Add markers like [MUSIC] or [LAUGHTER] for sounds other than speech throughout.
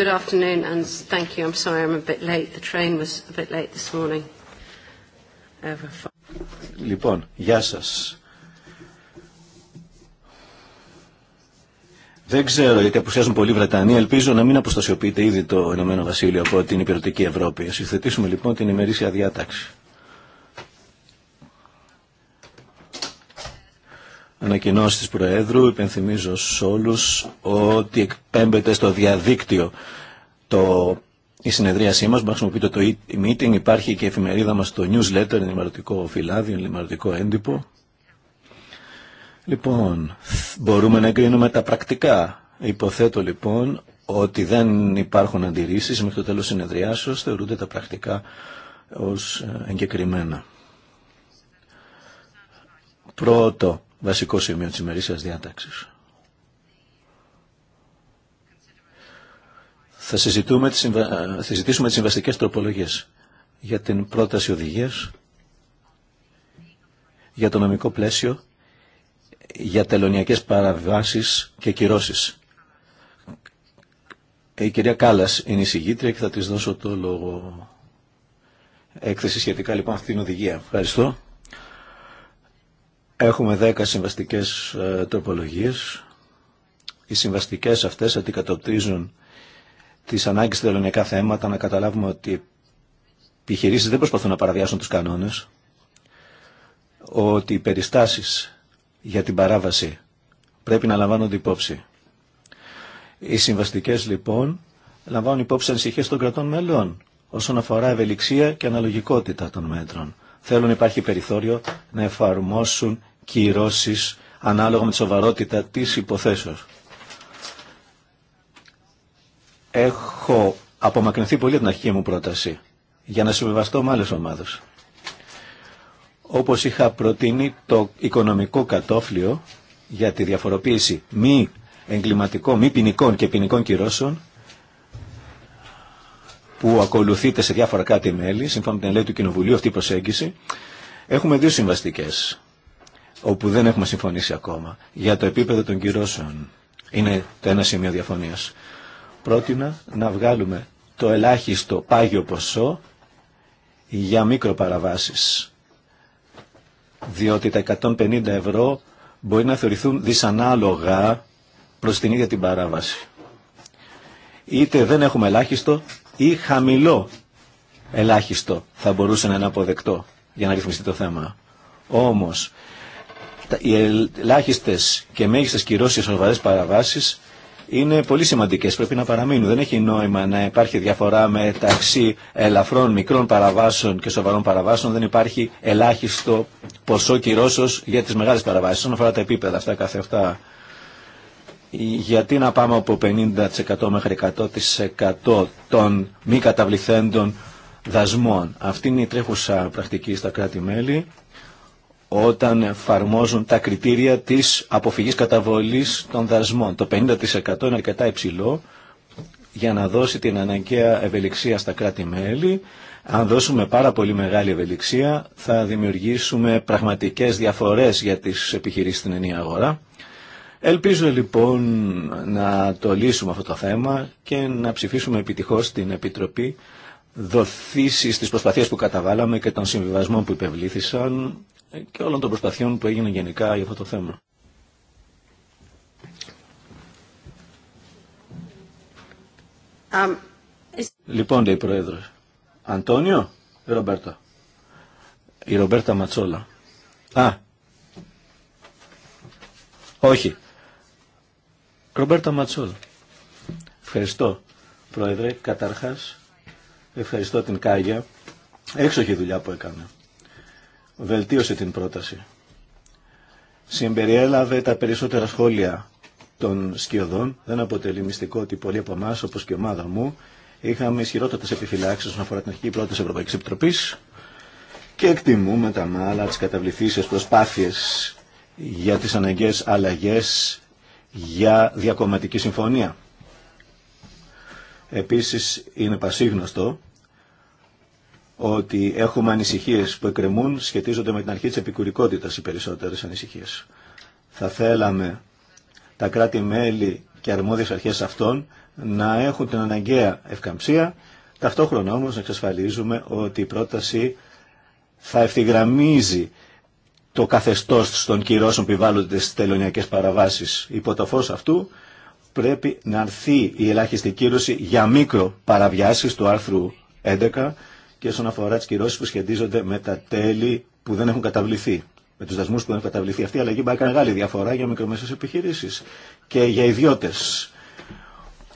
Good afternoon and thank you. I'm sorry I'm a bit late. The train was a bit late this morning. Over... Λοιπόν, γεια σας. Δεν ξέρω γιατί απουσιάζουν πολλοί Βρετανοί. Ελπίζω να μην αποστασιοποιείται ήδη το Ηνωμένο Βασίλειο από την υπηρετική Ευρώπη. Συθετήσουμε λοιπόν την ημερήσια διάταξη. ανακοινώσει τη Προέδρου. Υπενθυμίζω σε όλου ότι εκπέμπεται στο διαδίκτυο το, η συνεδρίασή μας. Μπορείτε να χρησιμοποιείτε το e-meeting. Υπάρχει και η εφημερίδα μα στο newsletter, ενημερωτικό φυλάδι, ενημερωτικό έντυπο. Λοιπόν, μπορούμε να εγκρίνουμε τα πρακτικά. Υποθέτω λοιπόν ότι δεν υπάρχουν αντιρρήσεις μέχρι το τέλος συνεδριάσεως, θεωρούνται τα πρακτικά ως ε, εγκεκριμένα. Πρώτο βασικό σημείο της ημερήσιας διάταξης. Θα, συζητούμε, θα συζητήσουμε τις συμβαστικές τροπολογίες για την πρόταση οδηγίας, για το νομικό πλαίσιο, για τελωνιακές παραβάσεις και κυρώσεις. Η κυρία Κάλλας είναι η συγγήτρια και θα της δώσω το λόγο έκθεση σχετικά λοιπόν αυτήν την οδηγία. Ευχαριστώ. Έχουμε δέκα συμβαστικές ε, τροπολογίες. Οι συμβαστικές αυτές αντικατοπτρίζουν τις ανάγκες στα ελληνικά θέματα να καταλάβουμε ότι οι επιχειρήσεις δεν προσπαθούν να παραβιάσουν τους κανόνες, ότι οι περιστάσεις για την παράβαση πρέπει να λαμβάνονται υπόψη. Οι συμβαστικές λοιπόν λαμβάνουν υπόψη ανησυχίες των κρατών μελών όσον αφορά ευελιξία και αναλογικότητα των μέτρων θέλουν υπάρχει περιθώριο να εφαρμόσουν κυρώσεις ανάλογα με τη σοβαρότητα της υποθέσεως. Έχω απομακρυνθεί πολύ την αρχική μου πρόταση για να συμβεβαστώ με άλλες ομάδες. Όπως είχα προτείνει το οικονομικό κατόφλιο για τη διαφοροποίηση μη εγκληματικών, μη ποινικών και ποινικών κυρώσεων που ακολουθείται σε διάφορα κάτι μέλη, σύμφωνα με την ελέγχη του Κοινοβουλίου αυτή η προσέγγιση, έχουμε δύο συμβαστικέ, όπου δεν έχουμε συμφωνήσει ακόμα, για το επίπεδο των κυρώσεων. Είναι το ένα σημείο διαφωνία. Πρότεινα να βγάλουμε το ελάχιστο πάγιο ποσό για μικροπαραβάσεις διότι τα 150 ευρώ μπορεί να θεωρηθούν δυσανάλογα προς την ίδια την παράβαση. Είτε δεν έχουμε ελάχιστο, ή χαμηλό ελάχιστο θα μπορούσε να είναι αποδεκτό για να ρυθμιστεί το θέμα. Όμως, οι ελάχιστε και μέγιστες κυρώσεις σοβαρές παραβάσει είναι πολύ σημαντικέ, πρέπει να παραμείνουν. Δεν έχει νόημα να υπάρχει διαφορά μεταξύ ελαφρών μικρών παραβάσεων και σοβαρών παραβάσεων. Δεν υπάρχει ελάχιστο ποσό κυρώσεω για τι μεγάλε παραβάσει Όσον αφορά τα επίπεδα αυτά καθε γιατί να πάμε από 50% μέχρι 100% των μη καταβληθέντων δασμών. Αυτή είναι η τρέχουσα πρακτική στα κράτη-μέλη όταν εφαρμόζουν τα κριτήρια της αποφυγής καταβολής των δασμών. Το 50% είναι αρκετά υψηλό για να δώσει την αναγκαία ευελιξία στα κράτη-μέλη. Αν δώσουμε πάρα πολύ μεγάλη ευελιξία θα δημιουργήσουμε πραγματικές διαφορές για τις επιχειρήσεις στην ενία αγορά Ελπίζω λοιπόν να το λύσουμε αυτό το θέμα και να ψηφίσουμε επιτυχώς την Επιτροπή δοθήσει στις προσπαθίες που καταβάλαμε και των συμβιβασμών που υπευλήθησαν και όλων των προσπαθειών που έγιναν γενικά για αυτό το θέμα. λοιπόν, λέει η Πρόεδρος. Αντώνιο ή Ρομπέρτα. Η Ρομπέρτα Ματσόλα. Α. Όχι. Ρομπέρτα Ματσόλ. Ευχαριστώ, Πρόεδρε. Καταρχάς, ευχαριστώ την Κάγια. Έξοχη δουλειά που έκανε. Βελτίωσε την πρόταση. Συμπεριέλαβε τα περισσότερα σχόλια των σκιωδών. Δεν αποτελεί μυστικό ότι πολλοί από εμά, όπω και η ομάδα μου, είχαμε ισχυρότατε επιφυλάξει όσον αφορά την αρχική πρόταση Ευρωπαϊκή Επιτροπή και εκτιμούμε τα μάλα τι καταβληθήσει προσπάθειε για τι αναγκαίε αλλαγέ για διακομματική συμφωνία. Επίσης είναι πασίγνωστο ότι έχουμε ανησυχίες που εκκρεμούν σχετίζονται με την αρχή της επικουρικότητας οι περισσότερες ανησυχίες. Θα θέλαμε τα κράτη-μέλη και αρμόδιες αρχές αυτών να έχουν την αναγκαία ευκαμψία, ταυτόχρονα όμως να εξασφαλίζουμε ότι η πρόταση θα ευθυγραμμίζει το καθεστώς των κυρώσεων που επιβάλλονται στις τελωνιακές παραβάσεις. Υπό το φως αυτού πρέπει να αρθεί η ελάχιστη κύρωση για μικρο παραβιάσεις του άρθρου 11 και όσον αφορά τις κυρώσεις που σχετίζονται με τα τέλη που δεν έχουν καταβληθεί. Με τους δασμούς που δεν έχουν καταβληθεί. Αυτή η αλλαγή πάει μεγάλη διαφορά για μικρομεσαίες επιχειρήσεις και για ιδιώτες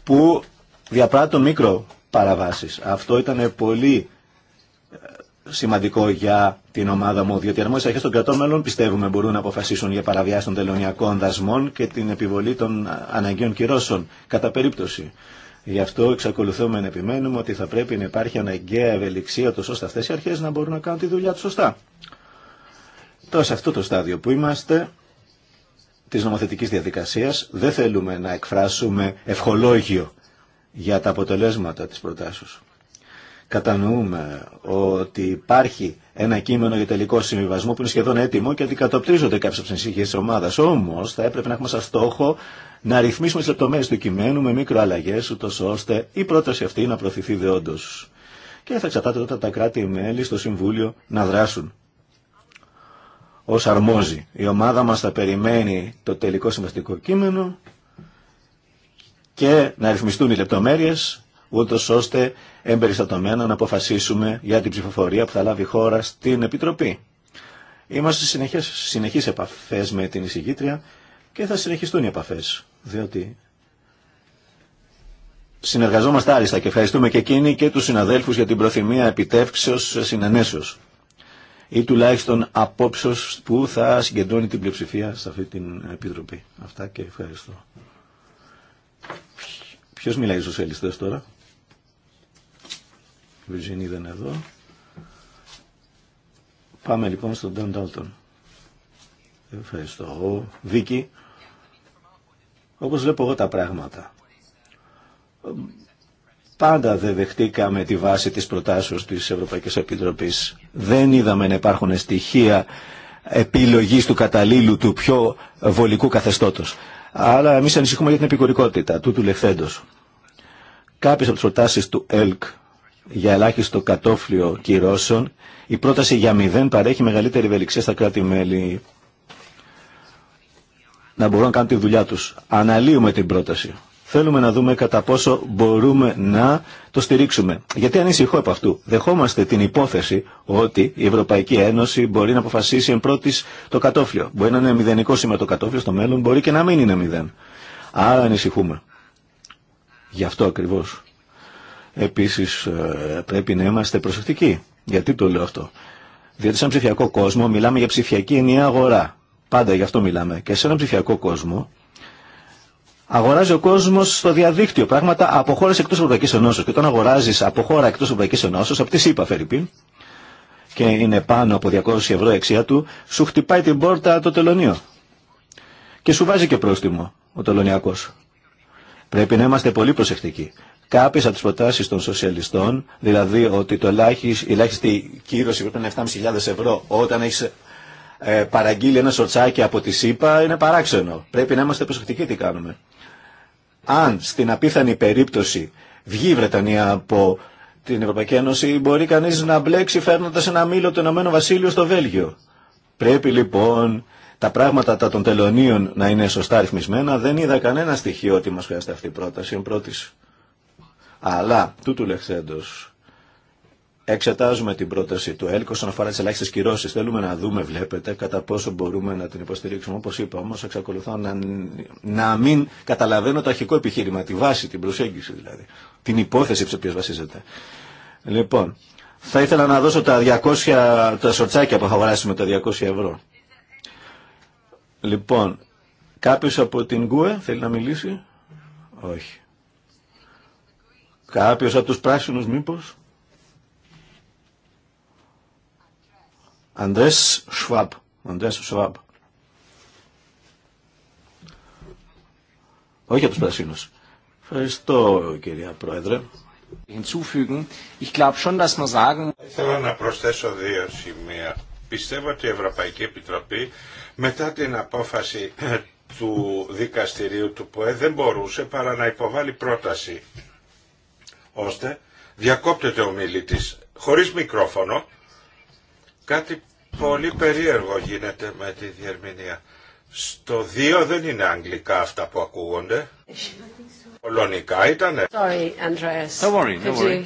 που διαπράττουν μικρο Αυτό ήταν πολύ σημαντικό για την ομάδα μου, διότι οι αρμόδιε αρχέ των κρατών μέλων πιστεύουμε μπορούν να αποφασίσουν για παραβιάσει των τελωνιακών δασμών και την επιβολή των αναγκαίων κυρώσεων, κατά περίπτωση. Γι' αυτό εξακολουθούμε να επιμένουμε ότι θα πρέπει να υπάρχει αναγκαία ευελιξία, τόσο ώστε αυτέ οι αρχέ να μπορούν να κάνουν τη δουλειά του σωστά. Τώρα, σε αυτό το στάδιο που είμαστε τη νομοθετική διαδικασία, δεν θέλουμε να εκφράσουμε ευχολόγιο για τα αποτελέσματα τη προτάσεως κατανοούμε ότι υπάρχει ένα κείμενο για τελικό συμβιβασμό που είναι σχεδόν έτοιμο και αντικατοπτρίζονται κάποιε ανησυχίε τη ομάδα. Όμω θα έπρεπε να έχουμε σαν στόχο να ρυθμίσουμε τι λεπτομέρειε του κειμένου με μικροαλλαγέ, ούτω ώστε η πρόταση αυτή να προωθηθεί δεόντω. Και θα εξαρτάται όταν τα κράτη-μέλη στο Συμβούλιο να δράσουν. Ω αρμόζει. Η ομάδα μα θα περιμένει το τελικό συμβαστικό κείμενο και να ρυθμιστούν οι λεπτομέρειε ούτω ώστε εμπεριστατωμένα να αποφασίσουμε για την ψηφοφορία που θα λάβει η χώρα στην Επιτροπή. Είμαστε σε συνεχείς επαφές με την εισηγήτρια και θα συνεχιστούν οι επαφές, διότι συνεργαζόμαστε άριστα και ευχαριστούμε και εκείνοι και τους συναδέλφους για την προθυμία επιτεύξεως συνενέσεως ή τουλάχιστον απόψεως που θα συγκεντρώνει την πλειοψηφία σε αυτή την Επιτροπή. Αυτά και ευχαριστώ. Ποιος μιλάει στους ελιστέ τώρα δεν είναι εδώ. Πάμε λοιπόν στον Ντάν Ντάλτον. Ευχαριστώ. Βίκυ, όπως βλέπω εγώ τα πράγματα. Πάντα δεν δεχτήκαμε τη βάση της προτάσεως της Ευρωπαϊκής Επιτροπής. Δεν είδαμε να υπάρχουν στοιχεία επιλογής του καταλήλου του πιο βολικού καθεστώτος. Αλλά εμείς ανησυχούμε για την επικουρικότητα του του λεχθέντος. Κάποιες από τις προτάσεις του ΕΛΚ για ελάχιστο κατόφλιο κυρώσεων, η πρόταση για μηδέν παρέχει μεγαλύτερη ευελιξία στα κράτη-μέλη να μπορούν να κάνουν τη δουλειά τους. Αναλύουμε την πρόταση. Θέλουμε να δούμε κατά πόσο μπορούμε να το στηρίξουμε. Γιατί ανησυχώ από αυτού. Δεχόμαστε την υπόθεση ότι η Ευρωπαϊκή Ένωση μπορεί να αποφασίσει εν πρώτης το κατόφλιο. Μπορεί να είναι μηδενικό σήμερα το κατόφλιο στο μέλλον, μπορεί και να μην είναι μηδέν. Άρα ανησυχούμε. Γι' αυτό ακριβώς. Επίσης ε, πρέπει να είμαστε προσεκτικοί. Γιατί το λέω αυτό. Διότι σε ένα ψηφιακό κόσμο μιλάμε για ψηφιακή ενιαία αγορά. Πάντα γι' αυτό μιλάμε. Και σε έναν ψηφιακό κόσμο αγοράζει ο κόσμο στο διαδίκτυο πράγματα από χώρε εκτό Ευρωπαϊκή Ενώσεω. Και όταν αγοράζει από χώρα εκτό Ευρωπαϊκή Ενώσεω, από τη ΣΥΠΑ, Φερρυπίν, και είναι πάνω από 200 ευρώ αξία του, σου χτυπάει την πόρτα το τελωνίο. Και σου βάζει και πρόστιμο ο τελωνιακό. Πρέπει να είμαστε πολύ προσεκτικοί κάποιες από τις προτάσεις των σοσιαλιστών, δηλαδή ότι το ελάχιστη, η ελάχιστη κύρωση πρέπει να είναι 7.500 ευρώ όταν έχεις ε, παραγγείλει ένα σοτσάκι από τη ΣΥΠΑ, είναι παράξενο. Πρέπει να είμαστε προσεκτικοί τι κάνουμε. Αν στην απίθανη περίπτωση βγει η Βρετανία από την Ευρωπαϊκή Ένωση, μπορεί κανείς να μπλέξει φέρνοντας ένα μήλο του Ηνωμένου Βασίλειου στο Βέλγιο. Πρέπει λοιπόν τα πράγματα τα των τελωνίων να είναι σωστά ρυθμισμένα. Δεν είδα κανένα στοιχείο ότι μας χρειάζεται αυτή η πρόταση. Είναι πρώτης. Αλλά, τούτου λεχθέντος, εξετάζουμε την πρόταση του ΕΛΚ όσον αφορά τι ελάχιστε κυρώσει. Θέλουμε να δούμε, βλέπετε, κατά πόσο μπορούμε να την υποστηρίξουμε. Όπω είπα, όμω, εξακολουθώ να, μην καταλαβαίνω το αρχικό επιχείρημα, τη βάση, την προσέγγιση δηλαδή. Την υπόθεση τη οποία βασίζεται. Λοιπόν, θα ήθελα να δώσω τα 200, τα σορτσάκια που θα αγοράσει με τα 200 ευρώ. Λοιπόν, κάποιο από την ΚΟΕ θέλει να μιλήσει. Όχι. Κάποιος από τους πράσινους μήπως. Αντρές Σουάπ. Αντρές Σουάπ. Όχι από τους πράσινους. Ευχαριστώ κυρία Πρόεδρε. Θέλω να προσθέσω δύο σημεία. Πιστεύω ότι η Ευρωπαϊκή Επιτροπή μετά την απόφαση του δικαστηρίου του ΠΟΕ δεν μπορούσε παρά να υποβάλει πρόταση ώστε διακόπτεται ο μιλητής χωρίς μικρόφωνο. Κάτι πολύ περίεργο γίνεται με τη διερμηνία. Στο 2 δεν είναι αγγλικά αυτά που ακούγονται. Πολωνικά ήτανε. Sorry, Andreas. Don't worry, don't worry.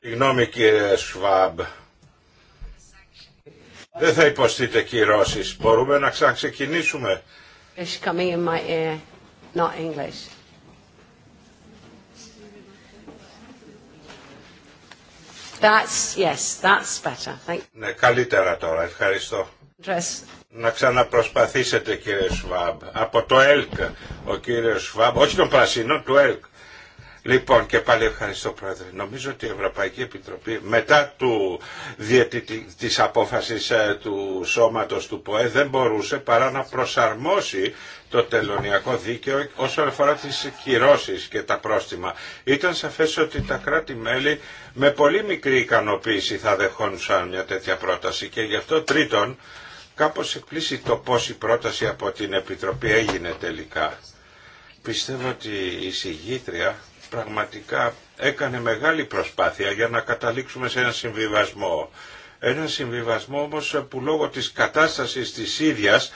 Συγγνώμη κύριε Σβάμπ. Δεν θα υποστείτε κυρώσεις. Μπορούμε να ξαναξεκινήσουμε. It's coming in my ear, not English. That's, yes, that's better. Thank you. Ναι, καλύτερα τώρα. Ευχαριστώ. Dress. Να ξαναπροσπαθήσετε κύριε Σβάμπ. Από το ΕΛΚ ο κύριος Σβάμπ, όχι τον πράσινο του ΕΛΚ. Λοιπόν και πάλι ευχαριστώ Πρόεδρε. Νομίζω ότι η Ευρωπαϊκή Επιτροπή μετά του, διαιτητη, της απόφασης ε, του σώματος του ΠΟΕ δεν μπορούσε παρά να προσαρμόσει το τελωνιακό δίκαιο όσον αφορά τις κυρώσεις και τα πρόστιμα. Ήταν σαφές ότι τα κράτη-μέλη με πολύ μικρή ικανοποίηση θα δεχόντουσαν μια τέτοια πρόταση και γι' αυτό τρίτον κάπως εκπλήσει το πώς η πρόταση από την Επιτροπή έγινε τελικά. Πιστεύω ότι η συγγήτρια πραγματικά έκανε μεγάλη προσπάθεια για να καταλήξουμε σε ένα συμβιβασμό. Ένα συμβιβασμό όμως που λόγω της κατάστασης της ίδιας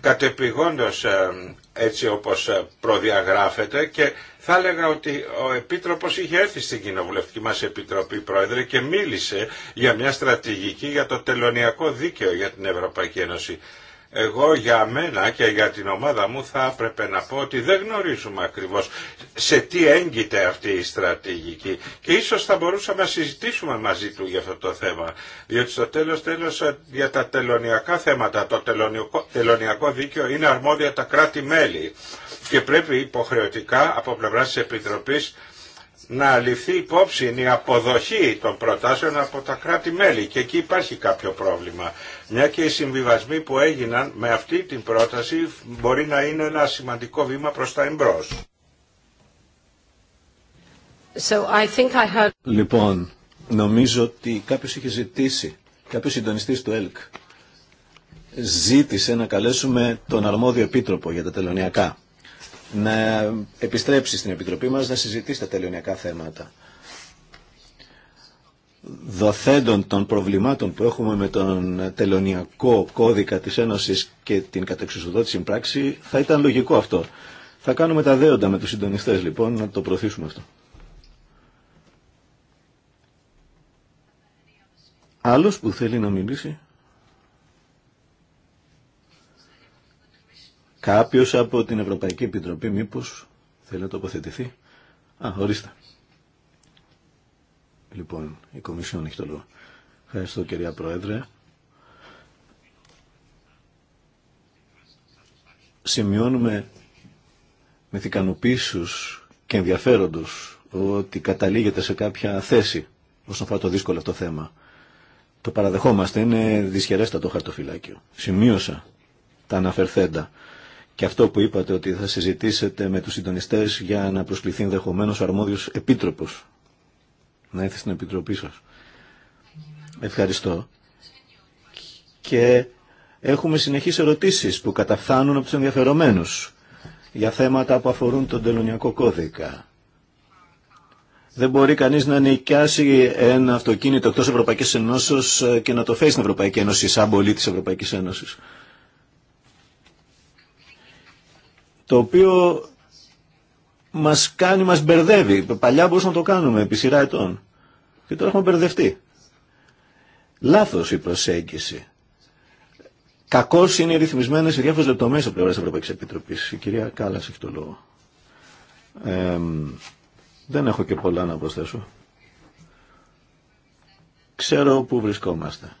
κατεπηγόντως ε, έτσι όπως ε, προδιαγράφεται και θα έλεγα ότι ο Επίτροπος είχε έρθει στην Κοινοβουλευτική μας Επιτροπή Πρόεδρε και μίλησε για μια στρατηγική για το τελωνιακό δίκαιο για την Ευρωπαϊκή Ένωση. Εγώ για μένα και για την ομάδα μου θα έπρεπε να πω ότι δεν γνωρίζουμε ακριβώς σε τι έγκυται αυτή η στρατηγική και ίσως θα μπορούσαμε να συζητήσουμε μαζί του για αυτό το θέμα. Διότι στο τέλος τέλος για τα τελωνιακά θέματα, το τελωνιακό, τελωνιακό δίκαιο είναι αρμόδια τα κράτη-μέλη και πρέπει υποχρεωτικά από πλευρά της Επιτροπής να ληφθεί υπόψη η αποδοχή των προτάσεων από τα κράτη-μέλη και εκεί υπάρχει κάποιο πρόβλημα. Μια και οι συμβιβασμοί που έγιναν με αυτή την πρόταση μπορεί να είναι ένα σημαντικό βήμα προς τα εμπρός. So I I heard... Λοιπόν, νομίζω ότι κάποιος είχε ζητήσει, κάποιος συντονιστής του ΕΛΚ, ζήτησε να καλέσουμε τον αρμόδιο επίτροπο για τα τελωνιακά να επιστρέψει στην Επιτροπή μας να συζητήσει τα τελωνιακά θέματα. Δοθέντων των προβλημάτων που έχουμε με τον τελωνιακό κώδικα της Ένωσης και την κατεξουσιοδότηση πράξη θα ήταν λογικό αυτό. Θα κάνουμε τα δέοντα με τους συντονιστές λοιπόν να το προωθήσουμε αυτό. Άλλος που θέλει να μιλήσει. Κάποιος από την Ευρωπαϊκή Επιτροπή μήπως θέλει να τοποθετηθεί. Α, ορίστε. Λοιπόν, η Κομισιόν έχει το λόγο. Ευχαριστώ κυρία Πρόεδρε. Σημειώνουμε με θικανοποίησους και ενδιαφέροντος ότι καταλήγεται σε κάποια θέση όσον αφορά το δύσκολο αυτό θέμα. Το παραδεχόμαστε, είναι δυσχερέστατο χαρτοφυλάκιο. Σημείωσα τα αναφερθέντα και αυτό που είπατε ότι θα συζητήσετε με τους συντονιστές για να προσκληθεί ενδεχομένω ο αρμόδιος επίτροπος να έρθει στην επιτροπή σας. Ευχαριστώ. Και έχουμε συνεχείς ερωτήσεις που καταφθάνουν από τους ενδιαφερομένους για θέματα που αφορούν τον τελωνιακό κώδικα. Δεν μπορεί κανείς να νοικιάσει ένα αυτοκίνητο εκτός Ευρωπαϊκής Ενώσεως και να το φέρει στην Ευρωπαϊκή Ένωση σαν πολίτη της Ευρωπαϊκής Ένωσης. το οποίο μας κάνει, μας μπερδεύει. Παλιά μπορούσαμε να το κάνουμε επί σειρά ετών και τώρα έχουμε μπερδευτεί. Λάθος η προσέγγιση. Κακώ είναι ρυθμισμένες σε διάφορες λεπτομέρειες από πλευρά της Ευρωπαϊκής Η κυρία Κάλλας έχει το λόγο. δεν έχω και πολλά να προσθέσω. Ξέρω πού βρισκόμαστε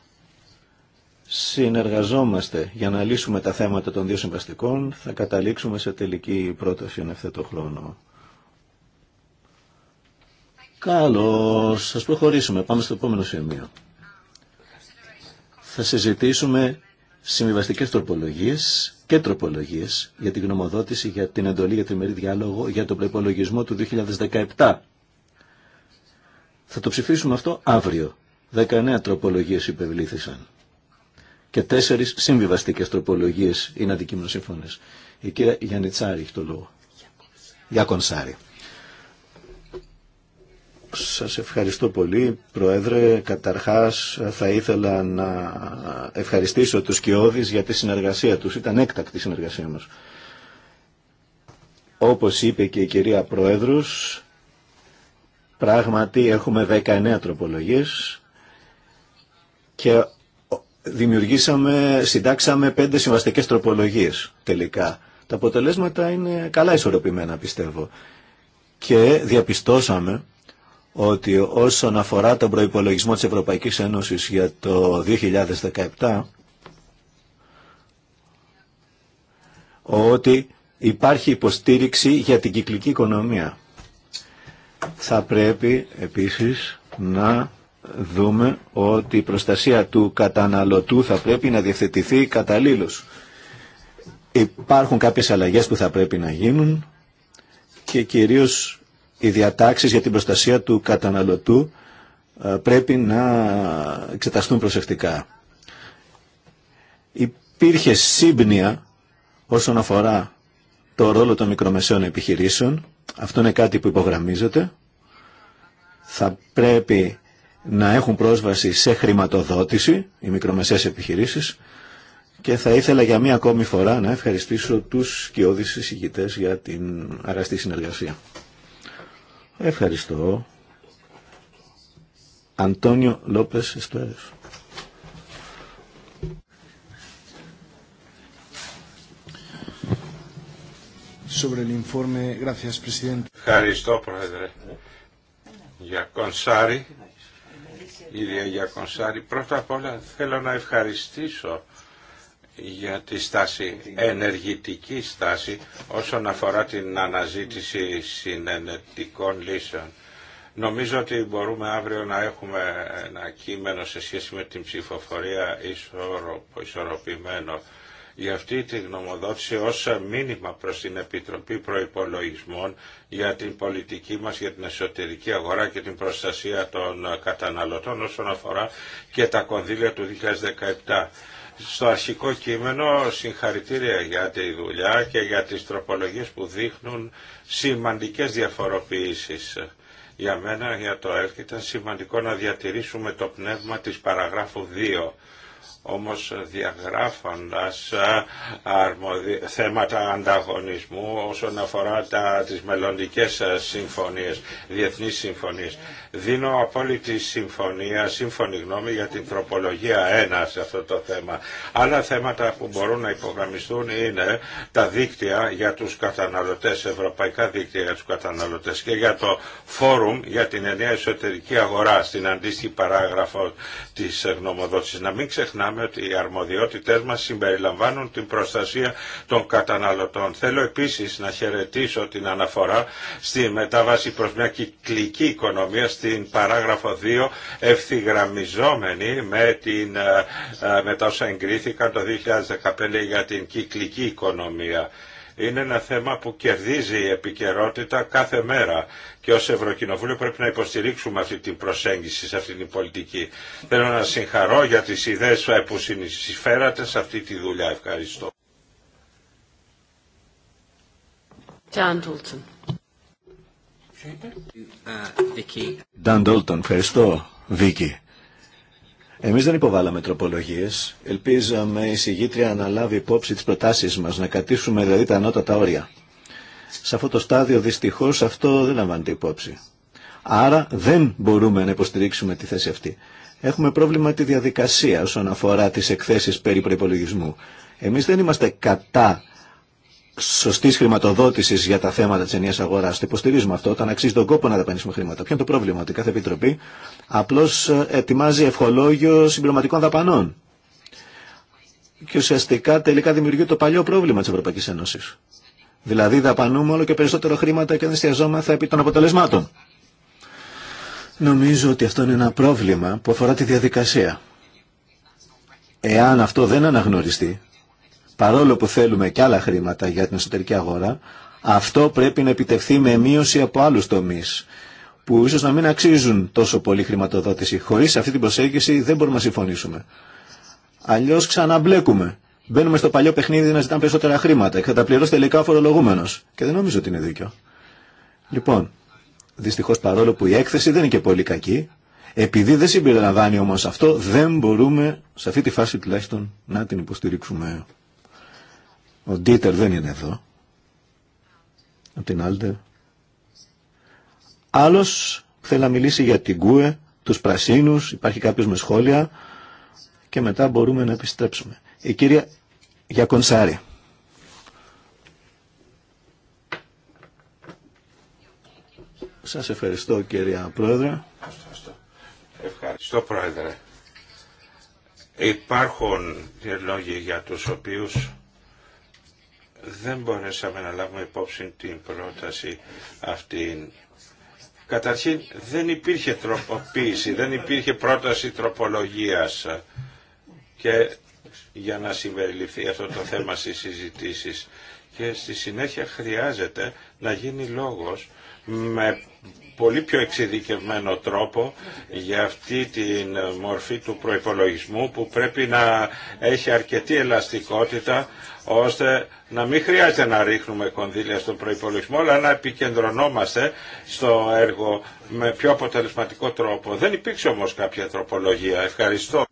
συνεργαζόμαστε για να λύσουμε τα θέματα των δύο συμβαστικών, θα καταλήξουμε σε τελική πρόταση εν ευθέτω χρόνο. Καλώ, α προχωρήσουμε. Πάμε στο επόμενο σημείο. Θα συζητήσουμε συμβιβαστικέ τροπολογίες και τροπολογίες για την γνωμοδότηση, για την εντολή, για τριμερή διάλογο, για τον προπολογισμό του 2017. Θα το ψηφίσουμε αυτό αύριο. 19 τροπολογίε υπευλήθησαν και τέσσερις συμβιβαστικέ τροπολογίε είναι αντικείμενο σύμφωνε. Η κυρία Τσάρη έχει το λόγο. κονσάρι. Σα ευχαριστώ πολύ, Προέδρε. Καταρχάς θα ήθελα να ευχαριστήσω τους Κιώδη για τη συνεργασία τους. Ήταν έκτακτη η συνεργασία μα. Όπως είπε και η κυρία Πρόεδρος, πράγματι έχουμε 19 τροπολογίε. και δημιουργήσαμε, συντάξαμε πέντε συμβαστικές τροπολογίες τελικά. Τα αποτελέσματα είναι καλά ισορροπημένα πιστεύω. Και διαπιστώσαμε ότι όσον αφορά τον προϋπολογισμό της Ευρωπαϊκής Ένωσης για το 2017, ότι υπάρχει υποστήριξη για την κυκλική οικονομία. Θα πρέπει επίσης να δούμε ότι η προστασία του καταναλωτού θα πρέπει να διευθετηθεί καταλήλως. Υπάρχουν κάποιες αλλαγές που θα πρέπει να γίνουν και κυρίως οι διατάξεις για την προστασία του καταναλωτού ε, πρέπει να εξεταστούν προσεκτικά. Υπήρχε σύμπνοια όσον αφορά το ρόλο των μικρομεσαίων επιχειρήσεων. Αυτό είναι κάτι που υπογραμμίζεται. Θα πρέπει να έχουν πρόσβαση σε χρηματοδότηση οι μικρομεσαίες επιχειρήσεις και θα ήθελα για μία ακόμη φορά να ευχαριστήσω τους σκιώδεις εισηγητές για την αραστή συνεργασία. Ευχαριστώ. Αντώνιο Λόπες Εστουέρες. Ευχαριστώ, Πρόεδρε. Για Κονσάρι Κύριε Γιακονσάρη. Πρώτα απ' όλα θέλω να ευχαριστήσω για τη στάση, ενεργητική στάση όσον αφορά την αναζήτηση συνενετικών λύσεων. Νομίζω ότι μπορούμε αύριο να έχουμε ένα κείμενο σε σχέση με την ψηφοφορία ισορροπημένο για αυτή τη γνωμοδότηση ως μήνυμα προς την Επιτροπή Προϋπολογισμών για την πολιτική μας, για την εσωτερική αγορά και την προστασία των καταναλωτών όσον αφορά και τα κονδύλια του 2017 στο αρχικό κείμενο συγχαρητήρια για τη δουλειά και για τις τροπολογίες που δείχνουν σημαντικές διαφοροποιήσεις. Για μένα, για το ΕΛΚ, ήταν σημαντικό να διατηρήσουμε το πνεύμα της παραγράφου 2 όμως διαγράφοντας θέματα ανταγωνισμού όσον αφορά τα, τις μελλοντικές συμφωνίες, διεθνείς συμφωνίες. Δίνω απόλυτη συμφωνία, σύμφωνη γνώμη για την τροπολογία 1 σε αυτό το θέμα. Άλλα θέματα που μπορούν να υπογραμμιστούν είναι τα δίκτυα για τους καταναλωτές, ευρωπαϊκά δίκτυα για τους καταναλωτές και για το φόρουμ για την ενιαία εσωτερική αγορά στην αντίστοιχη παράγραφο της γνωμοδότησης. Να μην ξεχνάμε ότι οι αρμοδιότητές μας συμπεριλαμβάνουν την προστασία των καταναλωτών. Θέλω επίσης να χαιρετήσω την αναφορά στη μετάβαση προς μια κυκλική οικονομία στην παράγραφο 2 ευθυγραμμιζόμενη με, την, ε, ε, με τα όσα εγκρίθηκαν το 2015 για την κυκλική οικονομία είναι ένα θέμα που κερδίζει η επικαιρότητα κάθε μέρα και ως Ευρωκοινοβούλιο πρέπει να υποστηρίξουμε αυτή την προσέγγιση σε αυτή την πολιτική. Θέλω να συγχαρώ για τις ιδέες που συνεισφέρατε σε αυτή τη δουλειά. Ευχαριστώ. Dalton. ευχαριστώ, Βίκη. Εμείς δεν υποβάλαμε τροπολογίες. Ελπίζαμε η συγγήτρια να λάβει υπόψη τις προτάσεις μας, να κατήσουμε δηλαδή τα ανώτατα όρια. Σε αυτό το στάδιο δυστυχώς αυτό δεν λαμβάνεται υπόψη. Άρα δεν μπορούμε να υποστηρίξουμε τη θέση αυτή. Έχουμε πρόβλημα τη διαδικασία όσον αφορά τις εκθέσεις περί προϋπολογισμού. Εμείς δεν είμαστε κατά σωστή χρηματοδότηση για τα θέματα τη ενιαία αγορά. Το υποστηρίζουμε αυτό, όταν αξίζει τον κόπο να δαπανίσουμε χρήματα. Ποιο είναι το πρόβλημα, ότι κάθε επιτροπή απλώ ετοιμάζει ευχολόγιο συμπληρωματικών δαπανών. Και ουσιαστικά τελικά δημιουργεί το παλιό πρόβλημα τη Ευρωπαϊκή Ένωση. Δηλαδή δαπανούμε όλο και περισσότερο χρήματα και δεν εστιαζόμαστε επί των αποτελεσμάτων. Νομίζω ότι αυτό είναι ένα πρόβλημα που αφορά τη διαδικασία. Εάν αυτό δεν αναγνωριστεί, παρόλο που θέλουμε και άλλα χρήματα για την εσωτερική αγορά, αυτό πρέπει να επιτευχθεί με μείωση από άλλους τομείς που ίσως να μην αξίζουν τόσο πολύ χρηματοδότηση. Χωρίς αυτή την προσέγγιση δεν μπορούμε να συμφωνήσουμε. Αλλιώς ξαναμπλέκουμε. Μπαίνουμε στο παλιό παιχνίδι να ζητάμε περισσότερα χρήματα και θα τα πληρώσει τελικά ο φορολογούμενος. Και δεν νομίζω ότι είναι δίκιο. Λοιπόν, δυστυχώς παρόλο που η έκθεση δεν είναι και πολύ κακή, επειδή δεν συμπεριλαμβάνει όμω αυτό, δεν μπορούμε σε αυτή τη φάση τουλάχιστον να την υποστηρίξουμε. Ο Ντίτερ δεν είναι εδώ. Από την Άλτερ. Άλλος θέλει να μιλήσει για την ΚΟΥΕ, τους πρασίνους, υπάρχει κάποιος με σχόλια και μετά μπορούμε να επιστρέψουμε. Η κυρία Γιακονσάρη. Σας ευχαριστώ κυρία Πρόεδρε. Ευχαριστώ Πρόεδρε. Υπάρχουν λόγοι για τους οποίους δεν μπορέσαμε να λάβουμε υπόψη την πρόταση αυτή. Καταρχήν δεν υπήρχε τροποποίηση, δεν υπήρχε πρόταση τροπολογίας και για να συμπεριληφθεί αυτό το θέμα στις συζητήσεις. Και στη συνέχεια χρειάζεται να γίνει λόγος με πολύ πιο εξειδικευμένο τρόπο για αυτή τη μορφή του προϋπολογισμού που πρέπει να έχει αρκετή ελαστικότητα ώστε να μην χρειάζεται να ρίχνουμε κονδύλια στον προϋπολογισμό αλλά να επικεντρωνόμαστε στο έργο με πιο αποτελεσματικό τρόπο. Δεν υπήρξε όμως κάποια τροπολογία. Ευχαριστώ.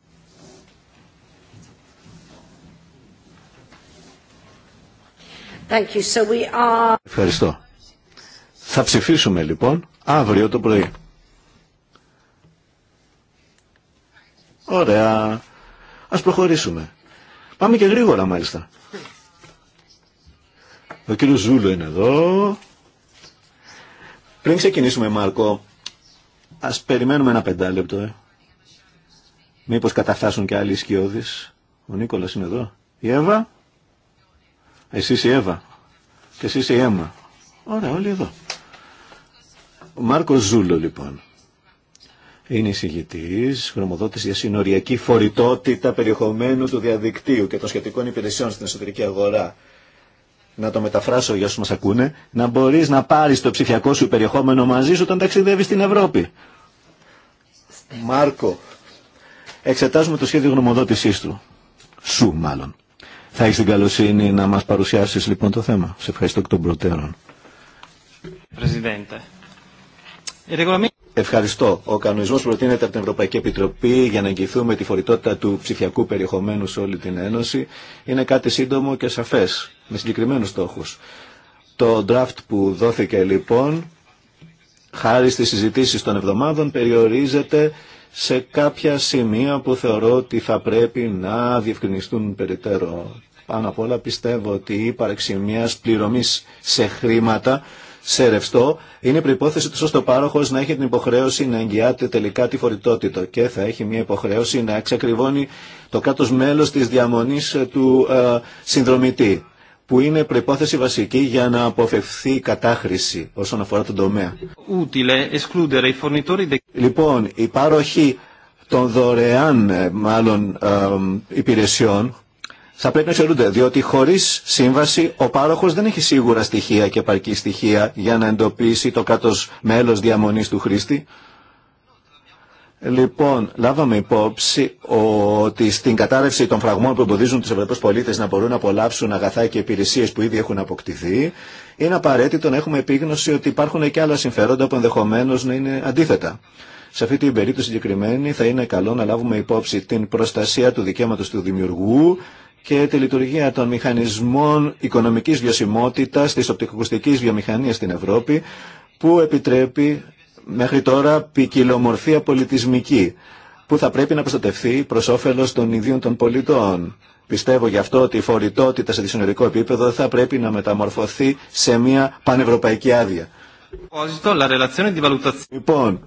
Thank Ευχαριστώ. Θα ψηφίσουμε λοιπόν αύριο το πρωί. Ωραία. Ας προχωρήσουμε. Πάμε και γρήγορα μάλιστα. Ο κύριος Ζούλο είναι εδώ. Πριν ξεκινήσουμε Μάρκο, ας περιμένουμε ένα πεντάλεπτο. Ε. Μήπως καταφτάσουν και άλλοι σκιώδεις. Ο Νίκολας είναι εδώ. Η Εύα. Εσείς η Εύα. Και εσείς η Έμα. Ωραία, όλοι εδώ. Ο Μάρκο Ζούλο λοιπόν είναι εισηγητή γνωμοδότη για συνοριακή φορητότητα περιεχομένου του διαδικτύου και των σχετικών υπηρεσιών στην εσωτερική αγορά. Να το μεταφράσω για όσου μα ακούνε, να μπορεί να πάρει το ψηφιακό σου περιεχόμενο μαζί σου όταν ταξιδεύει στην Ευρώπη. Μάρκο, εξετάζουμε το σχέδιο γνωμοδότησή του. Σου, μάλλον. Θα έχει την καλοσύνη να μα παρουσιάσει λοιπόν το θέμα. Σε ευχαριστώ εκ των προτέρων. Presidente. Ευχαριστώ. Ο κανονισμό που προτείνεται από την Ευρωπαϊκή Επιτροπή για να εγγυηθούμε τη φορητότητα του ψηφιακού περιεχομένου σε όλη την Ένωση είναι κάτι σύντομο και σαφέ, με συγκεκριμένου στόχου. Το draft που δόθηκε λοιπόν, χάρη στι συζητήσει των εβδομάδων, περιορίζεται σε κάποια σημεία που θεωρώ ότι θα πρέπει να διευκρινιστούν περιττέρω. Πάνω απ' όλα πιστεύω ότι η ύπαρξη πληρωμής σε χρήματα σε ρευστό είναι προπόθεση του ώστε ο πάροχο να έχει την υποχρέωση να εγγυάται τελικά τη φορητότητα και θα έχει μια υποχρέωση να εξακριβώνει το κάτω μέλο τη διαμονή ε, του ε, συνδρομητή που είναι προϋπόθεση βασική για να αποφευθεί η κατάχρηση όσον αφορά τον τομέα. Λοιπόν, οι πάροχοι των δωρεάν ε, μάλλον υπηρεσιών θα πρέπει να εξαιρούνται, διότι χωρί σύμβαση ο πάροχο δεν έχει σίγουρα στοιχεία και επαρκή στοιχεία για να εντοπίσει το κάτος μέλο διαμονή του χρήστη. Λοιπόν, λάβαμε υπόψη ότι στην κατάρρευση των φραγμών που εμποδίζουν του Ευρωπαίου πολίτε να μπορούν να απολαύσουν αγαθά και υπηρεσίε που ήδη έχουν αποκτηθεί, είναι απαραίτητο να έχουμε επίγνωση ότι υπάρχουν και άλλα συμφέροντα που ενδεχομένω να είναι αντίθετα. Σε αυτή την περίπτωση συγκεκριμένη θα είναι καλό να λάβουμε υπόψη την προστασία του δικαίματο του δημιουργού και τη λειτουργία των μηχανισμών οικονομικής βιωσιμότητας της οπτικοκουστικής βιομηχανίας στην Ευρώπη που επιτρέπει μέχρι τώρα ποικιλομορφία πολιτισμική που θα πρέπει να προστατευθεί προς όφελος των ιδίων των πολιτών. Πιστεύω γι' αυτό ότι η φορητότητα σε δυσυνορικό επίπεδο θα πρέπει να μεταμορφωθεί σε μια πανευρωπαϊκή άδεια. Λοιπόν,